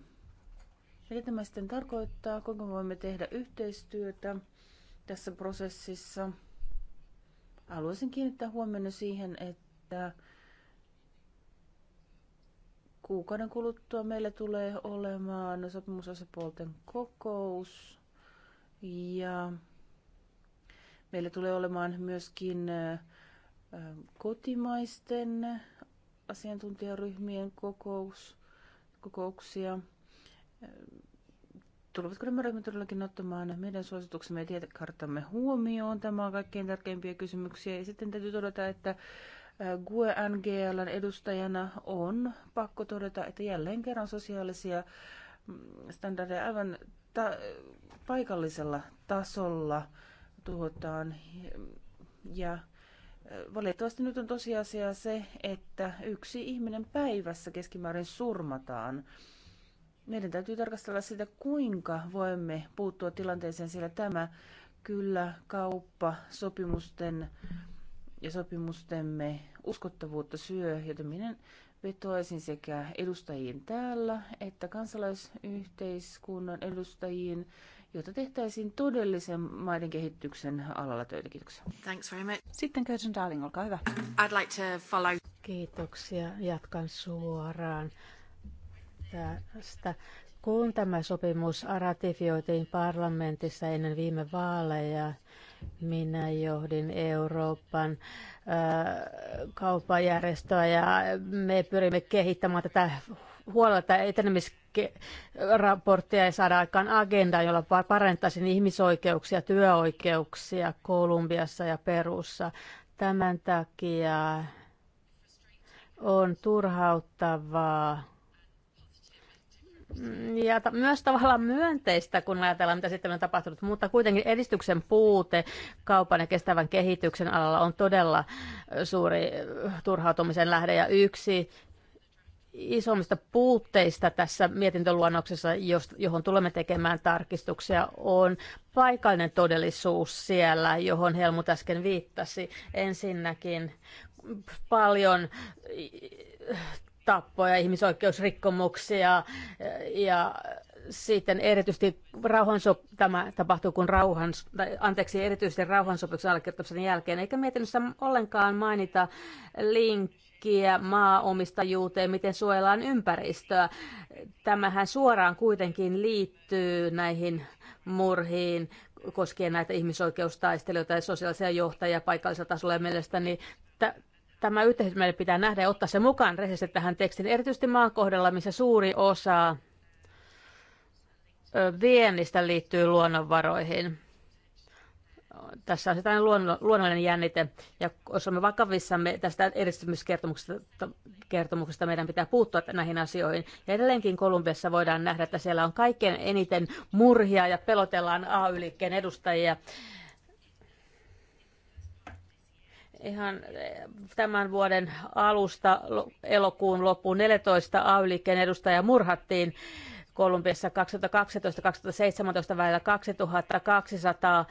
Mitä tämä sitten tarkoittaa, kuinka voimme tehdä yhteistyötä tässä prosessissa – Haluaisin kiinnittää huomenna siihen, että kuukauden kuluttua meillä tulee olemaan sopimusosapuolten kokous ja meillä tulee olemaan myöskin kotimaisten asiantuntijaryhmien kokous, kokouksia tulevatko nämä ryhmät todellakin ottamaan meidän suosituksemme ja tiekarttamme huomioon? Tämä on kaikkein tärkeimpiä kysymyksiä. Ja sitten täytyy todeta, että GUE NGLn edustajana on pakko todeta, että jälleen kerran sosiaalisia mm, standardeja aivan ta- paikallisella tasolla tuotaan. Ja valitettavasti nyt on tosiasia se, että yksi ihminen päivässä keskimäärin surmataan meidän täytyy tarkastella sitä, kuinka voimme puuttua tilanteeseen, sillä tämä kyllä kauppa sopimusten ja sopimustemme uskottavuutta syö, joten minä vetoaisin sekä edustajiin täällä että kansalaisyhteiskunnan edustajiin, jota tehtäisiin todellisen maiden kehityksen alalla töitä. Kiitoksia. Thanks very much. Sitten Kirsten Darling, olkaa hyvä. I'd like to follow. Kiitoksia. Jatkan suoraan tästä. Kun tämä sopimus ratifioitiin parlamentissa ennen viime vaaleja, minä johdin Euroopan äh, kauppajärjestöä ja me pyrimme kehittämään tätä huolella tätä etenemisraporttia ja saada aikaan agenda, jolla parantaisin ihmisoikeuksia, työoikeuksia Kolumbiassa ja Perussa. Tämän takia on turhauttavaa Mm, ja ta- myös tavallaan myönteistä, kun ajatellaan, mitä sitten on tapahtunut, mutta kuitenkin edistyksen puute kaupan ja kestävän kehityksen alalla on todella suuri turhautumisen lähde ja yksi isommista puutteista tässä mietintöluonnoksessa, johon tulemme tekemään tarkistuksia, on paikallinen todellisuus siellä, johon Helmut äsken viittasi. Ensinnäkin paljon tappoja, ihmisoikeusrikkomuksia eh, ja sitten erityisesti rauhansop- tämä tapahtuu kun rauhan, tai anteeksi, erityisesti rauhansopimuksen allekirjoituksen jälkeen, eikä mietinnössä ollenkaan mainita linkkiä maaomistajuuteen, miten suojellaan ympäristöä. Tämähän suoraan kuitenkin liittyy näihin murhiin, koskien näitä ihmisoikeustaistelijoita ja sosiaalisia johtajia paikallisella tasolla. Ja mielestäni tämä yhteisö meille pitää nähdä ja ottaa se mukaan rehellisesti tähän tekstiin, erityisesti maan kohdalla, missä suuri osa viennistä liittyy luonnonvaroihin. Tässä on jotain luonnollinen jännite, ja jos olemme vakavissamme tästä eristymiskertomuksesta, meidän pitää puuttua näihin asioihin. Ja edelleenkin Kolumbiassa voidaan nähdä, että siellä on kaikkein eniten murhia ja pelotellaan AY-liikkeen edustajia ihan eh, tämän vuoden alusta elokuun loppuun 14 AY-liikkeen edustaja murhattiin Kolumbiassa 2012-2017 välillä 2200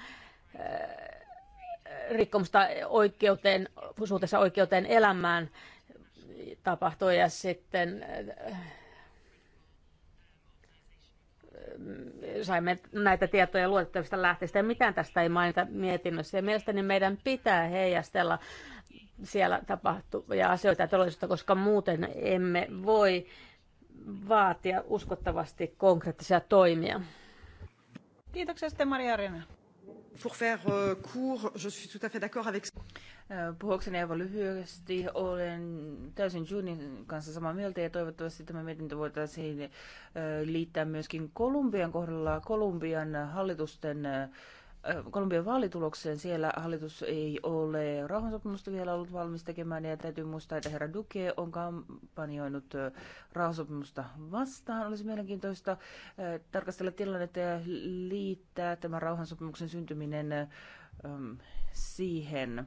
eh, rikkomusta oikeuteen, suhteessa oikeuteen elämään tapahtui ja sitten eh, saimme näitä tietoja luotettavista lähteistä ja mitään tästä ei mainita mietinnössä. Ja mielestäni meidän pitää heijastella siellä tapahtuvia asioita ja todellisuutta, koska muuten emme voi vaatia uskottavasti konkreettisia toimia. Kiitoksia sitten Maria Arena. Pour faire euh, court, je suis tout à fait d'accord avec Äh, Puhuakseni aivan lyhyesti. Olen täysin Junin kanssa samaa mieltä ja toivottavasti tämä mietintö voitaisiin äh, liittää myöskin Kolumbian kohdalla Kolumbian hallitusten äh, Kolumbian vaalitulokseen siellä hallitus ei ole rauhansopimusta vielä ollut valmis tekemään ja täytyy muistaa, että herra Duque on kampanjoinut rauhansopimusta vastaan. Olisi mielenkiintoista tarkastella tilannetta ja liittää tämä rauhansopimuksen syntyminen ähm, siihen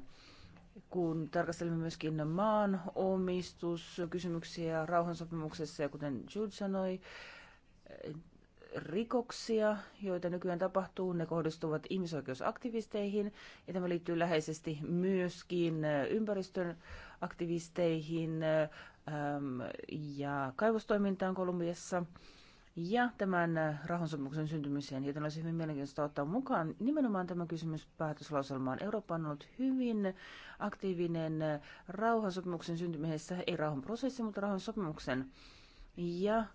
kun tarkastelemme myöskin maan omistuskysymyksiä rauhansopimuksessa ja kuten Jude sanoi, rikoksia, joita nykyään tapahtuu, ne kohdistuvat ihmisoikeusaktivisteihin ja tämä liittyy läheisesti myöskin ympäristön aktivisteihin ja kaivostoimintaan Kolumbiassa ja tämän äh, rahansopimuksen syntymiseen, joten olisi hyvin mielenkiintoista ottaa mukaan nimenomaan tämä kysymys päätöslauselmaan. Eurooppa on ollut hyvin aktiivinen äh, rauhansopimuksen syntymisessä, ei rauhanprosessi, mutta rauhansopimuksen. Ja äh,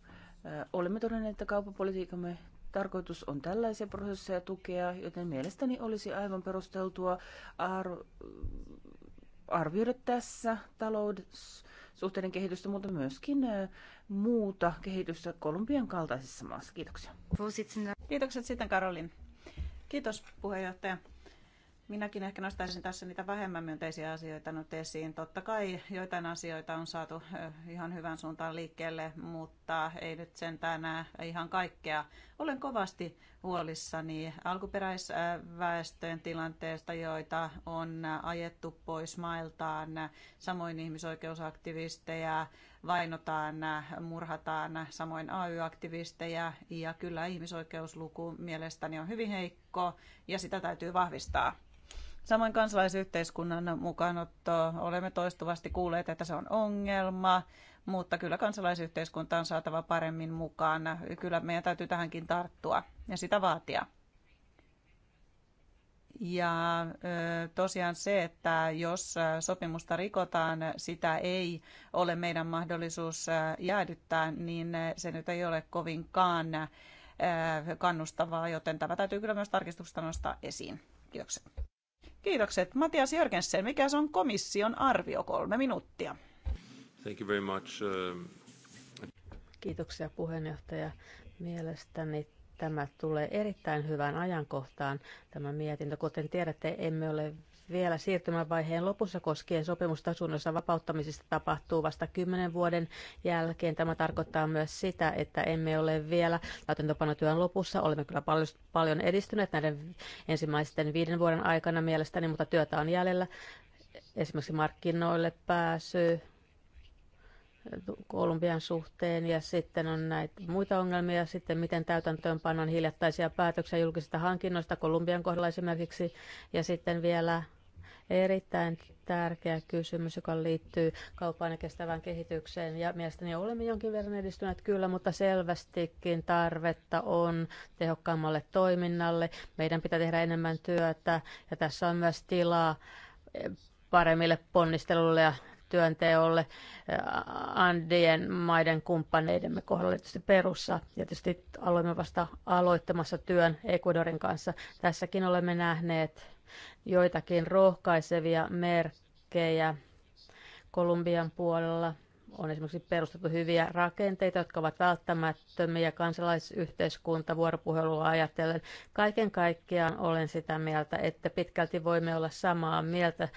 olemme todenneet, että kauppapolitiikamme tarkoitus on tällaisia prosesseja tukea, joten mielestäni olisi aivan perusteltua ar- arvioida tässä suhteiden kehitystä, mutta myöskin muuta kehitystä Kolumbian kaltaisessa maassa. Kiitoksia. Kiitokset sitten Karolin. Kiitos puheenjohtaja. Minäkin ehkä nostaisin tässä niitä vähemmän myönteisiä asioita nyt esiin. Totta kai joitain asioita on saatu ihan hyvän suuntaan liikkeelle, mutta ei nyt sentään ihan kaikkea. Olen kovasti huolissani alkuperäisväestöjen tilanteesta, joita on ajettu pois mailtaan, samoin ihmisoikeusaktivisteja, vainotaan, murhataan, samoin AY-aktivisteja ja kyllä ihmisoikeusluku mielestäni on hyvin heikko ja sitä täytyy vahvistaa. Samoin kansalaisyhteiskunnan mukaanotto, olemme toistuvasti kuulleet, että se on ongelma, mutta kyllä kansalaisyhteiskunta on saatava paremmin mukaan. Kyllä meidän täytyy tähänkin tarttua ja sitä vaatia. Ja tosiaan se, että jos sopimusta rikotaan, sitä ei ole meidän mahdollisuus jäädyttää, niin se nyt ei ole kovinkaan kannustavaa, joten tämä täytyy kyllä myös tarkistuksesta nostaa esiin. Kiitokset. Kiitokset. Matias Jörgensen, mikä on komission arvio? Kolme minuuttia. Thank you very much. Um, Kiitoksia puheenjohtaja. Mielestäni Tämä tulee erittäin hyvään ajankohtaan, tämä mietintö. Kuten tiedätte, emme ole vielä siirtymävaiheen lopussa koskien sopimustasunnossa vapauttamisesta tapahtuu vasta kymmenen vuoden jälkeen. Tämä tarkoittaa myös sitä, että emme ole vielä täytäntöpanotyön lopussa. Olemme kyllä paljon, paljon edistyneet näiden ensimmäisten viiden vuoden aikana mielestäni, mutta työtä on jäljellä. Esimerkiksi markkinoille pääsy, Kolumbian suhteen ja sitten on näitä muita ongelmia, sitten miten täytäntöönpanon hiljattaisia päätöksiä julkisista hankinnoista Kolumbian kohdalla esimerkiksi ja sitten vielä erittäin tärkeä kysymys, joka liittyy kauppaan ja kestävään kehitykseen. Ja mielestäni olemme jonkin verran edistyneet kyllä, mutta selvästikin tarvetta on tehokkaammalle toiminnalle. Meidän pitää tehdä enemmän työtä ja tässä on myös tilaa paremmille ponnisteluille ja työnteolle Andien maiden kumppaneidemme kohdalla tietysti perussa. Ja tietysti aloimme vasta aloittamassa työn Ecuadorin kanssa. Tässäkin olemme nähneet joitakin rohkaisevia merkkejä Kolumbian puolella. On esimerkiksi perustettu hyviä rakenteita, jotka ovat välttämättömiä kansalaisyhteiskunta vuoropuhelua ajatellen. Kaiken kaikkiaan olen sitä mieltä, että pitkälti voimme olla samaa mieltä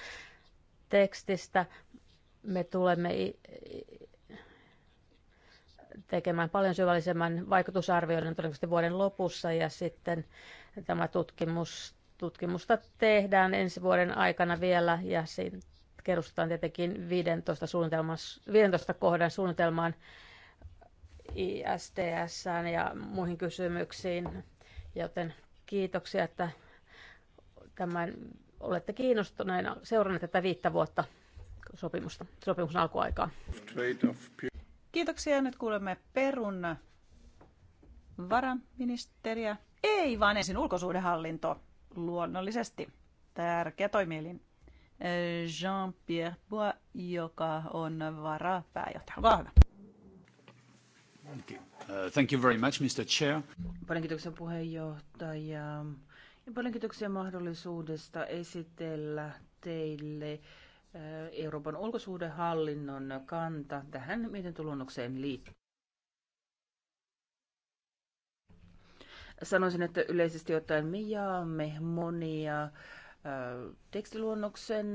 tekstistä, me tulemme tekemään paljon syvällisemmän vaikutusarvioinnin todennäköisesti vuoden lopussa ja sitten tämä tutkimus, tutkimusta tehdään ensi vuoden aikana vielä ja siinä kerrostetaan tietenkin 15, suunnitelma, 15 kohdan suunnitelmaan ISTS ja muihin kysymyksiin, joten kiitoksia, että tämän olette kiinnostuneena seuranneet tätä viittä vuotta sopimusta, sopimuksen alkuaikaa. Kiitoksia. Nyt kuulemme Perun varaministeriä. Ei, vaan ensin ulkosuhdehallinto luonnollisesti. Tärkeä toimielin. Jean-Pierre Bois, joka on varapääjohtaja. Olkaa hyvä. Thank you very much, Mr. Chair. Paljon kiitoksia puheenjohtaja. Ja paljon kiitoksia mahdollisuudesta esitellä teille Euroopan ulkosuhdehallinnon kanta tähän mietintöluonnokseen liittyen. Sanoisin, että yleisesti ottaen me jaamme monia tekstiluonnoksen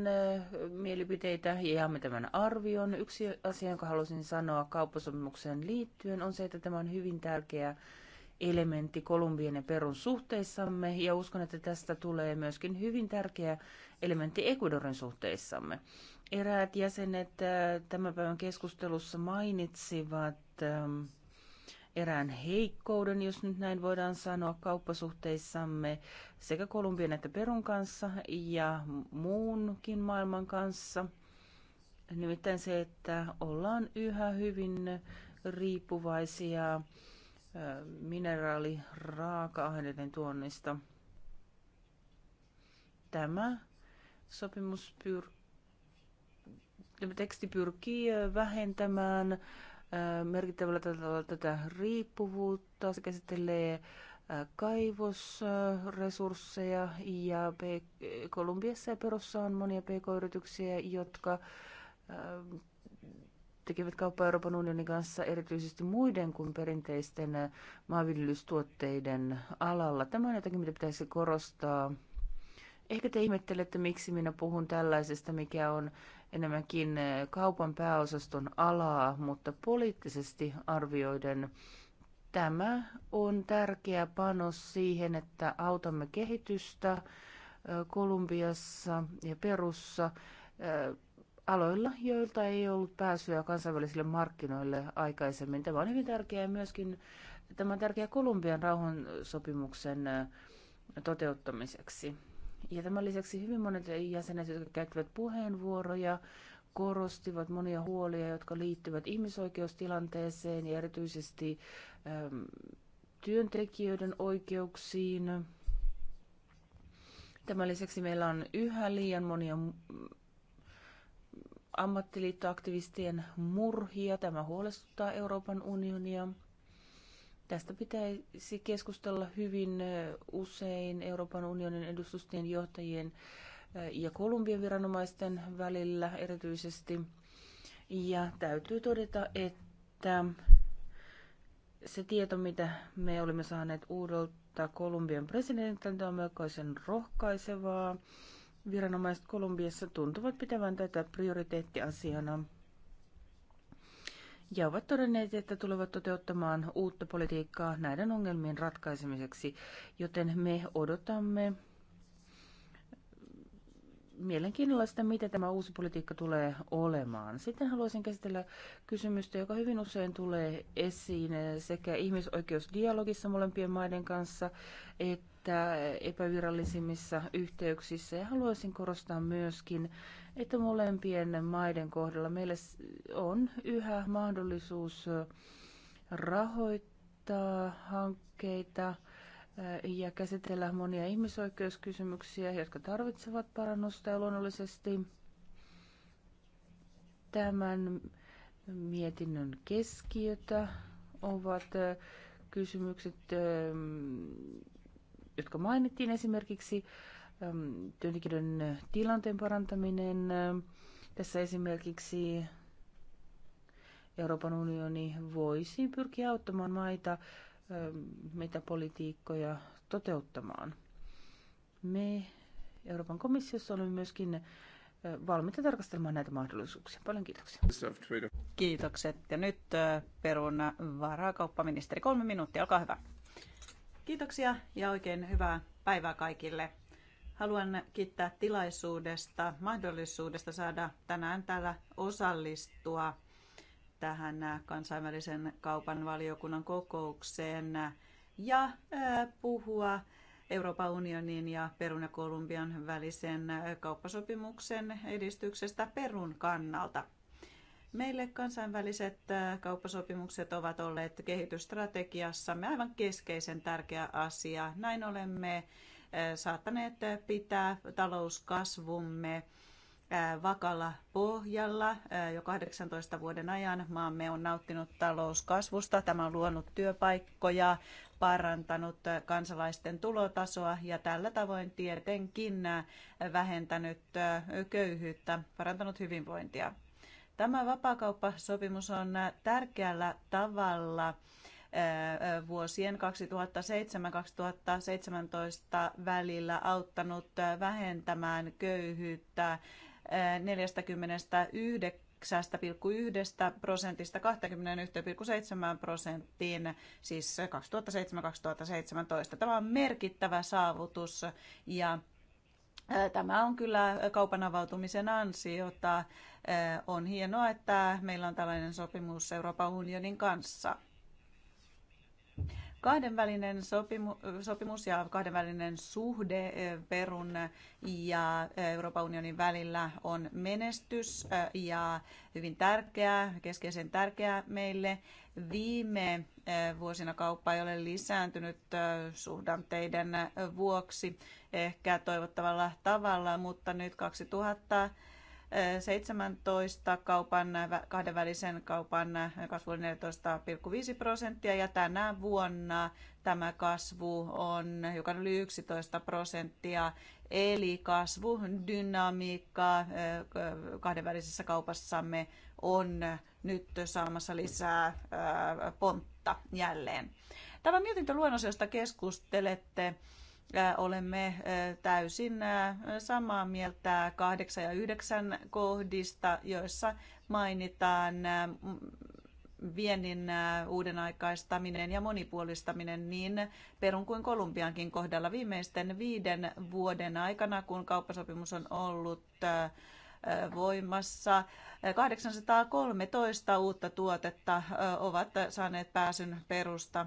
mielipiteitä ja jaamme tämän arvion. Yksi asia, jonka halusin sanoa kauppasopimukseen liittyen, on se, että tämä on hyvin tärkeä elementti Kolumbian ja Perun suhteissamme ja uskon, että tästä tulee myöskin hyvin tärkeä elementti Ecuadorin suhteissamme. Eräät jäsenet äh, tämän päivän keskustelussa mainitsivat ähm, erään heikkouden, jos nyt näin voidaan sanoa, kauppasuhteissamme sekä Kolumbian että Perun kanssa ja muunkin maailman kanssa. Nimittäin se, että ollaan yhä hyvin riippuvaisia mineraaliraaka-aineiden tuonnista. Tämä sopimus pyr... Tämä teksti pyrkii vähentämään merkittävällä tavalla tätä riippuvuutta. Se käsittelee kaivosresursseja ja Kolumbiassa ja Perussa on monia pk-yrityksiä, jotka tekevät kauppaa Euroopan unionin kanssa erityisesti muiden kuin perinteisten maanviljelystuotteiden alalla. Tämä on jotakin, mitä pitäisi korostaa. Ehkä te ihmettelette, miksi minä puhun tällaisesta, mikä on enemmänkin kaupan pääosaston alaa, mutta poliittisesti arvioiden tämä on tärkeä panos siihen, että autamme kehitystä Kolumbiassa ja Perussa aloilla, joilta ei ollut pääsyä kansainvälisille markkinoille aikaisemmin. Tämä on hyvin tärkeää myöskin tämä on tärkeä Kolumbian rauhansopimuksen toteuttamiseksi. Ja tämän lisäksi hyvin monet jäsenet, jotka käyttivät puheenvuoroja, korostivat monia huolia, jotka liittyvät ihmisoikeustilanteeseen ja erityisesti äm, työntekijöiden oikeuksiin. Tämän lisäksi meillä on yhä liian monia ammattiliittoaktivistien murhia. Tämä huolestuttaa Euroopan unionia. Tästä pitäisi keskustella hyvin usein Euroopan unionin edustustien johtajien ja Kolumbian viranomaisten välillä erityisesti. Ja täytyy todeta, että se tieto, mitä me olimme saaneet uudelta Kolumbian presidentiltä, on melkoisen rohkaisevaa viranomaiset Kolumbiassa tuntuvat pitävän tätä prioriteettiasiana ja ovat todenneet, että tulevat toteuttamaan uutta politiikkaa näiden ongelmien ratkaisemiseksi, joten me odotamme mielenkiinnolla sitä, mitä tämä uusi politiikka tulee olemaan. Sitten haluaisin käsitellä kysymystä, joka hyvin usein tulee esiin sekä ihmisoikeusdialogissa molempien maiden kanssa, että esittää epävirallisimmissa yhteyksissä. Ja haluaisin korostaa myöskin, että molempien maiden kohdalla meillä on yhä mahdollisuus rahoittaa hankkeita ja käsitellä monia ihmisoikeuskysymyksiä, jotka tarvitsevat parannusta ja luonnollisesti tämän mietinnön keskiötä ovat kysymykset jotka mainittiin esimerkiksi työntekijöiden tilanteen parantaminen. Tässä esimerkiksi Euroopan unioni voisi pyrkiä auttamaan maita politiikkoja toteuttamaan. Me Euroopan komissiossa olemme myöskin valmiita tarkastelemaan näitä mahdollisuuksia. Paljon kiitoksia. Kiitokset. Ja nyt perun varakauppaministeri. Kolme minuuttia, olkaa hyvä. Kiitoksia ja oikein hyvää päivää kaikille. Haluan kiittää tilaisuudesta, mahdollisuudesta saada tänään täällä osallistua tähän kansainvälisen kaupan valiokunnan kokoukseen ja puhua Euroopan unionin ja Perun ja Kolumbian välisen kauppasopimuksen edistyksestä Perun kannalta. Meille kansainväliset äh, kauppasopimukset ovat olleet kehitysstrategiassamme aivan keskeisen tärkeä asia. Näin olemme äh, saattaneet pitää talouskasvumme äh, vakalla pohjalla. Jo 18 vuoden ajan maamme on nauttinut talouskasvusta. Tämä on luonut työpaikkoja, parantanut kansalaisten tulotasoa ja tällä tavoin tietenkin vähentänyt köyhyyttä, parantanut hyvinvointia. Tämä vapaakauppasopimus on äh, tärkeällä tavalla äh, äh, vuosien 2007-2017 välillä auttanut vähentämään köyhyyttä 49,1 prosentista 21,7 prosenttiin, siis 2007-2017. Tämä on merkittävä saavutus ja Tämä on kyllä kaupan avautumisen ansiota. On hienoa, että meillä on tällainen sopimus Euroopan unionin kanssa. Kahdenvälinen sopimu, sopimus ja kahdenvälinen suhde eh, Perun ja eh, Euroopan unionin välillä on menestys eh, ja hyvin tärkeä keskeisen tärkeää meille. Viime vuosina kauppa ei ole lisääntynyt suhdanteiden vuoksi ehkä toivottavalla tavalla, mutta nyt 2000 17 kaupan, kahdenvälisen kaupan kasvu oli 14,5 prosenttia ja tänä vuonna tämä kasvu on, joka oli 11 prosenttia, eli kasvudynamiikka eh, kahdenvälisessä kaupassamme on nyt saamassa lisää eh, pontta jälleen. Tämä mietintöluonnos, josta keskustelette, Äh, olemme äh, täysin äh, samaa mieltä kahdeksan ja yhdeksän kohdista, joissa mainitaan viennin uuden aikaistaminen ja monipuolistaminen niin Perun kuin Kolumbiankin kohdalla viimeisten viiden vuoden aikana, kun kauppasopimus on ollut voimassa. 813 uutta tuotetta ovat saaneet pääsyn perusta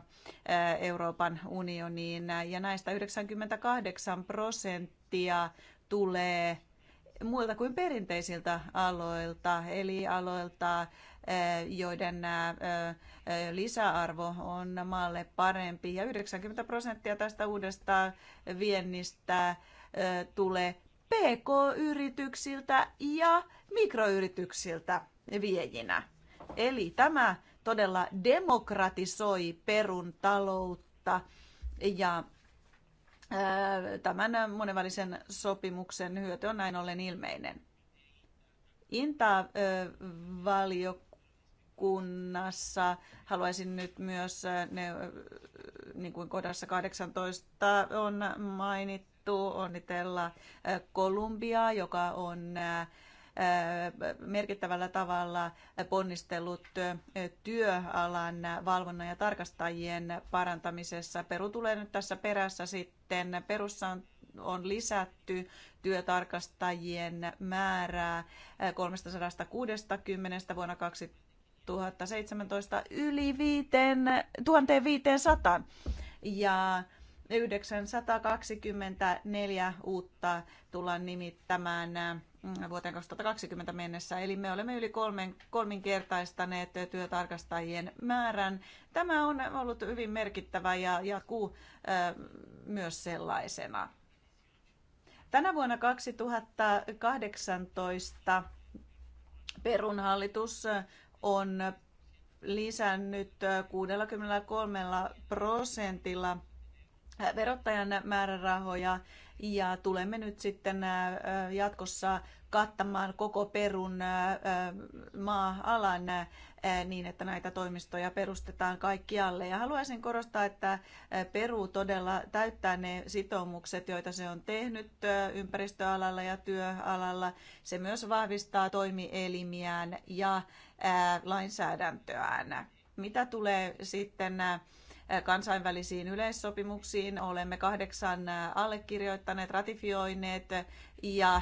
Euroopan unioniin ja näistä 98 prosenttia tulee muilta kuin perinteisiltä aloilta, eli aloilta, joiden lisäarvo on maalle parempi. Ja 90 prosenttia tästä uudesta viennistä tulee PK-yrityksiltä ja mikroyrityksiltä viejinä. Eli tämä todella demokratisoi perun taloutta ja äh, tämän monenvälisen sopimuksen hyöty on näin ollen ilmeinen. Inta-valiokunnassa haluaisin nyt myös, äh, ne, äh, niin kuin kohdassa 18 on mainittu, etu onnitella Kolumbiaa, joka on merkittävällä tavalla ponnistellut työalan valvonnan ja tarkastajien parantamisessa. Peru tulee nyt tässä perässä sitten. Perussa on on lisätty työtarkastajien määrää 360 vuonna 2017 yli 5, 1500. Ja 924 uutta tullaan nimittämään mm, vuoteen 2020 mennessä. Eli me olemme yli kolmen, kolminkertaistaneet työtarkastajien määrän. Tämä on ollut hyvin merkittävä ja jatkuu myös sellaisena. Tänä vuonna 2018 Perun hallitus on lisännyt 63 prosentilla – Äh, verottajan määrärahoja ja tulemme nyt sitten äh, äh, jatkossa kattamaan koko Perun maa-alan niin, että näitä toimistoja perustetaan kaikkialle. Ja haluaisin korostaa, että Peru todella täyttää ne sitoumukset, joita se on tehnyt ympäristöalalla ja työalalla. Se myös vahvistaa toimielimiään ja lainsäädäntöään. Mitä tulee sitten kansainvälisiin yleissopimuksiin. Olemme kahdeksan allekirjoittaneet, ratifioineet ja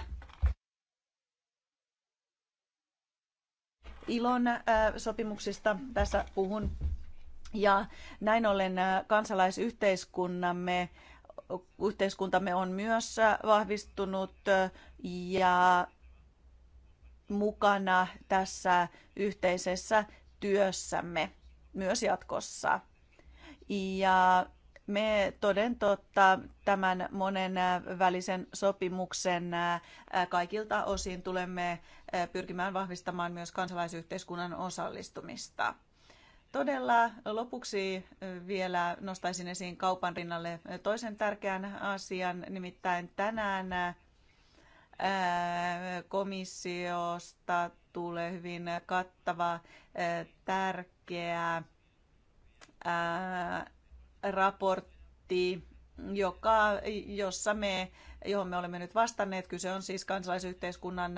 ilon sopimuksista tässä puhun. Ja näin ollen kansalaisyhteiskunnamme yhteiskuntamme on myös vahvistunut ja mukana tässä yhteisessä työssämme myös jatkossa. Ja me toden totta tämän monen välisen sopimuksen kaikilta osin tulemme pyrkimään vahvistamaan myös kansalaisyhteiskunnan osallistumista. Todella lopuksi vielä nostaisin esiin kaupan rinnalle toisen tärkeän asian, nimittäin tänään komissiosta tulee hyvin kattava, tärkeä raportti, joka, jossa me, johon me olemme nyt vastanneet, kyse on siis kansalaisyhteiskunnan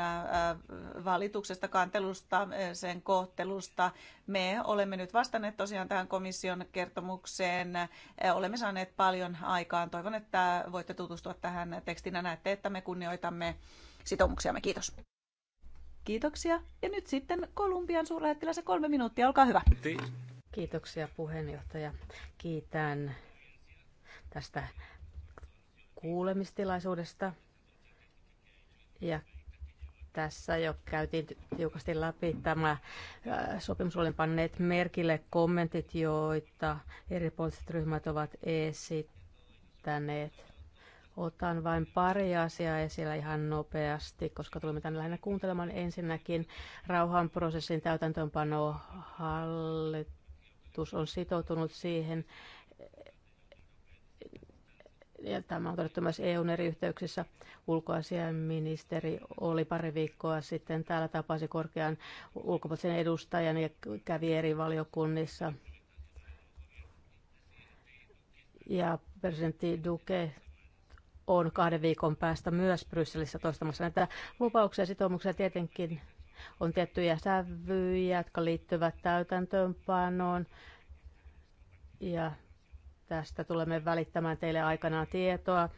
valituksesta, kantelusta, sen kohtelusta. Me olemme nyt vastanneet tosiaan tähän komission kertomukseen. Olemme saaneet paljon aikaan. Toivon, että voitte tutustua tähän tekstinä. Näette, että me kunnioitamme sitoumuksiamme. Kiitos. Kiitoksia. Ja nyt sitten Kolumbian suurlähettiläs kolme minuuttia. Olkaa hyvä. Kiitoksia puheenjohtaja. Kiitän tästä kuulemistilaisuudesta. Ja tässä jo käytiin tiukasti läpi tämä äh, sopimus. Olen panneet merkille kommentit, joita eri poliittiset ryhmät ovat esittäneet. Otan vain pari asiaa esillä ihan nopeasti, koska tulemme tänne lähinnä kuuntelemaan ensinnäkin rauhanprosessin täytäntöönpano hallit hallitus on sitoutunut siihen, ja tämä on todettu myös EUn eri yhteyksissä. Ulkoasiainministeri oli pari viikkoa sitten täällä tapasi korkean ulkopuolisen edustajan ja kävi eri valiokunnissa. Ja presidentti Duque on kahden viikon päästä myös Brysselissä toistamassa näitä lupauksia ja sitoumuksia tietenkin on tiettyjä sävyjä, jotka liittyvät täytäntöönpanoon. Ja tästä tulemme välittämään teille aikanaan tietoa.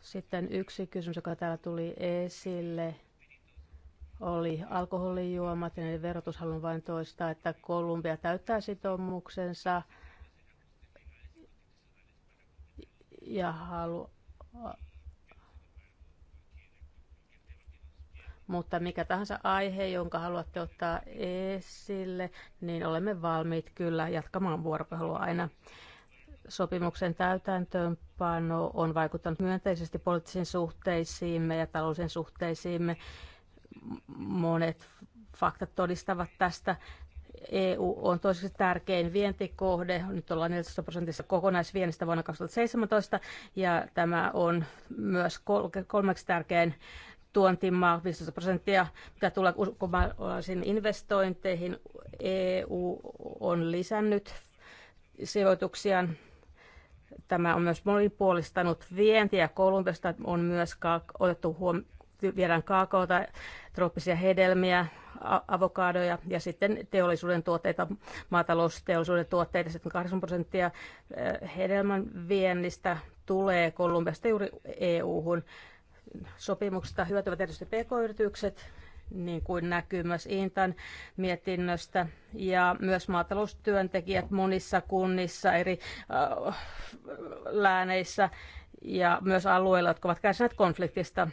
Sitten yksi kysymys, joka täällä tuli esille, oli alkoholijuomat ja verotus. Haluan vain toistaa, että Kolumbia täyttää sitoumuksensa ja haluaa mutta mikä tahansa aihe, jonka haluatte ottaa esille, niin olemme valmiit kyllä jatkamaan vuoropuhelua aina. Sopimuksen täytäntöönpano on vaikuttanut myönteisesti poliittisiin suhteisiimme ja talousen suhteisiimme. Monet faktat todistavat tästä. EU on toiseksi tärkein vientikohde. Nyt ollaan 14 prosentissa kokonaisviennistä vuonna 2017 ja tämä on myös kolmeksi tärkein tuontimaa 15 prosenttia, mitä tulee ulkomaalaisiin investointeihin. EU on lisännyt sijoituksiaan. Tämä on myös monipuolistanut vientiä. Kolumbiasta on myös otettu huom- viedään kaakaota, trooppisia hedelmiä, avokadoja ja sitten teollisuuden tuotteita, maatalousteollisuuden tuotteita, sitten 8 prosenttia eh, hedelmän viennistä tulee Kolumbiasta juuri EU-hun. Sopimuksesta hyötyvät tietysti pk-yritykset, niin kuin näkyy myös Intan mietinnöstä, ja myös maataloustyöntekijät monissa kunnissa, eri äh, lääneissä ja myös alueilla, jotka ovat kärsineet konfliktista.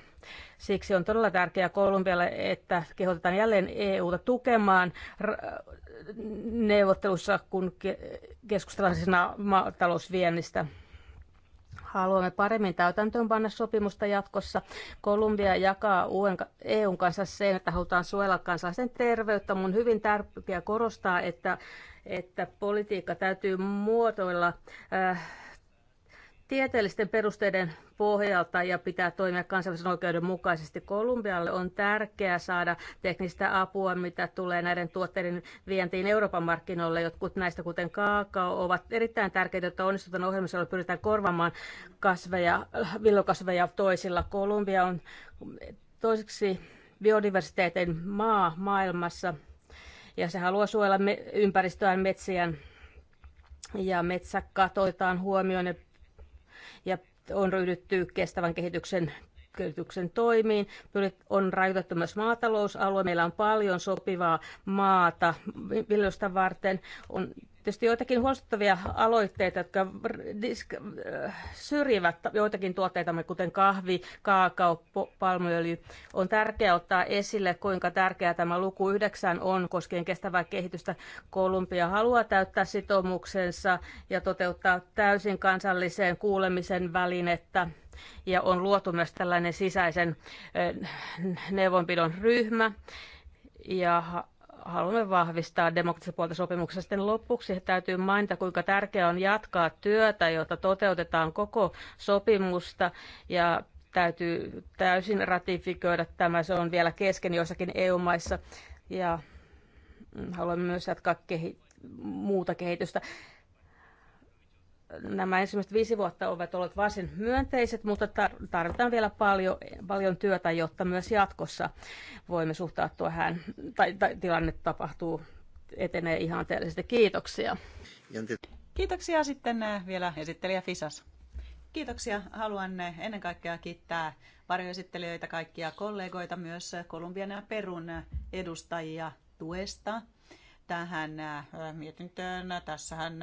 Siksi on todella tärkeää Kolumbialle, että kehotetaan jälleen EUta tukemaan neuvottelussa, kun keskustellaan siis maatalousviennistä. Haluamme paremmin täytäntöönpanna sopimusta jatkossa. Kolumbia jakaa EUn kanssa sen, että halutaan suojella kansalaisen terveyttä. Mun hyvin tärkeää korostaa, että, että politiikka täytyy muotoilla äh, tieteellisten perusteiden pohjalta ja pitää toimia kansainvälisen oikeuden mukaisesti. Kolumbialle on tärkeää saada teknistä apua, mitä tulee näiden tuotteiden vientiin Euroopan markkinoille. Jotkut näistä, kuten kaakao, ovat erittäin tärkeitä, että onnistutaan ohjelmassa, jolla pyritään korvaamaan kasveja, villokasveja toisilla. Kolumbia on toiseksi biodiversiteetin maa maailmassa ja se haluaa suojella ympäristöään metsiään ja metsäkatoitaan huomioon ja ja on ryhdytty kestävän kehityksen kehityksen toimiin. On rajoitettu myös maatalousalue. Meillä on paljon sopivaa maata viljelystä varten. On tietysti joitakin huolestuttavia aloitteita, jotka disk- äh, syrjivät joitakin tuotteitamme, kuten kahvi, kaakao, palmuöljy. On tärkeää ottaa esille, kuinka tärkeää tämä luku 9 on koskien kestävää kehitystä. Kolumbia haluaa täyttää sitoumuksensa ja toteuttaa täysin kansalliseen kuulemisen välinettä. Ja on luotu myös tällainen sisäisen äh, neuvonpidon ryhmä. Ja haluamme vahvistaa demokratista puolta sopimuksessa. Sitten lopuksi täytyy mainita, kuinka tärkeää on jatkaa työtä, jota toteutetaan koko sopimusta ja täytyy täysin ratifikoida tämä. Se on vielä kesken joissakin EU-maissa ja mm, haluamme myös jatkaa kehi- muuta kehitystä nämä ensimmäiset viisi vuotta ovat olleet varsin myönteiset, mutta tarvitaan vielä paljon, paljon työtä, jotta myös jatkossa voimme suhtautua tähän, tai, tai tilanne tapahtuu, etenee ihan teellisesti. Kiitoksia. Kiitoksia sitten äh, vielä esittelijä Fisas. Kiitoksia. Haluan äh, ennen kaikkea kiittää varjoesittelijöitä, kaikkia kollegoita, myös äh, Kolumbian ja Perun edustajia tuesta tähän mietintöön. Tässähän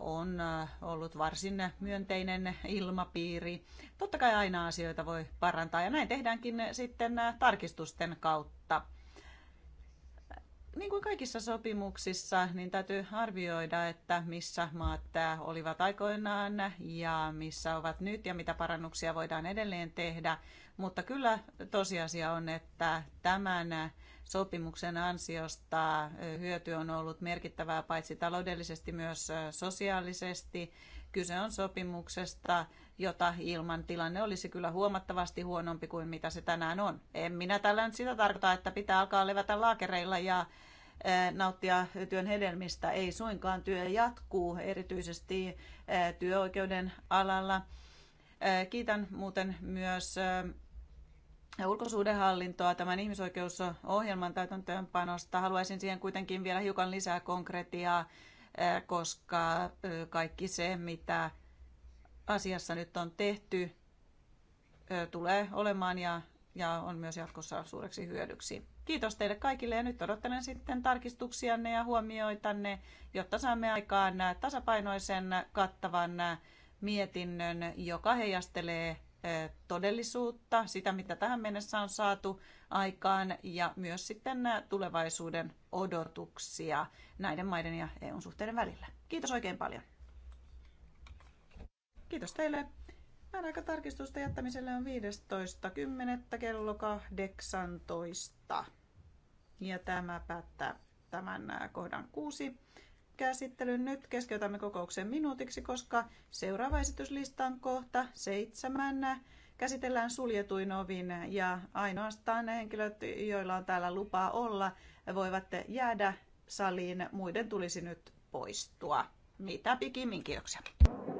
on ollut varsin myönteinen ilmapiiri. Totta kai aina asioita voi parantaa ja näin tehdäänkin sitten tarkistusten kautta. Niin kuin kaikissa sopimuksissa, niin täytyy arvioida, että missä maat olivat aikoinaan ja missä ovat nyt ja mitä parannuksia voidaan edelleen tehdä. Mutta kyllä tosiasia on, että tämän sopimuksen ansiosta hyöty on ollut merkittävää paitsi taloudellisesti myös sosiaalisesti. Kyse on sopimuksesta, jota ilman tilanne olisi kyllä huomattavasti huonompi kuin mitä se tänään on. En minä tällä nyt sitä tarkoita, että pitää alkaa levätä laakereilla ja nauttia työn hedelmistä. Ei suinkaan työ jatkuu, erityisesti työoikeuden alalla. Kiitän muuten myös ulkosuhdehallintoa tämän ihmisoikeusohjelman täytäntöönpanosta. Haluaisin siihen kuitenkin vielä hiukan lisää konkretiaa, eh, koska eh, kaikki se, mitä asiassa nyt on tehty, eh, tulee olemaan ja, ja on myös jatkossa suureksi hyödyksi. Kiitos teille kaikille ja nyt odottelen sitten tarkistuksianne ja huomioitanne, jotta saamme aikaan tasapainoisen kattavan mietinnön, joka heijastelee todellisuutta, sitä mitä tähän mennessä on saatu aikaan ja myös sitten tulevaisuuden odotuksia näiden maiden ja EUn suhteiden välillä. Kiitos oikein paljon. Kiitos teille. Määräaika tarkistusta jättämiselle on 15.10. kello 18. Ja tämä päättää tämän kohdan kuusi käsittelyn. Nyt keskeytämme kokouksen minuutiksi, koska seuraava esityslistan kohta seitsemän käsitellään suljetuin ovin ja ainoastaan ne henkilöt, joilla on täällä lupa olla, voivat jäädä saliin. Muiden tulisi nyt poistua. Mitä pikimmin, kiitoksia.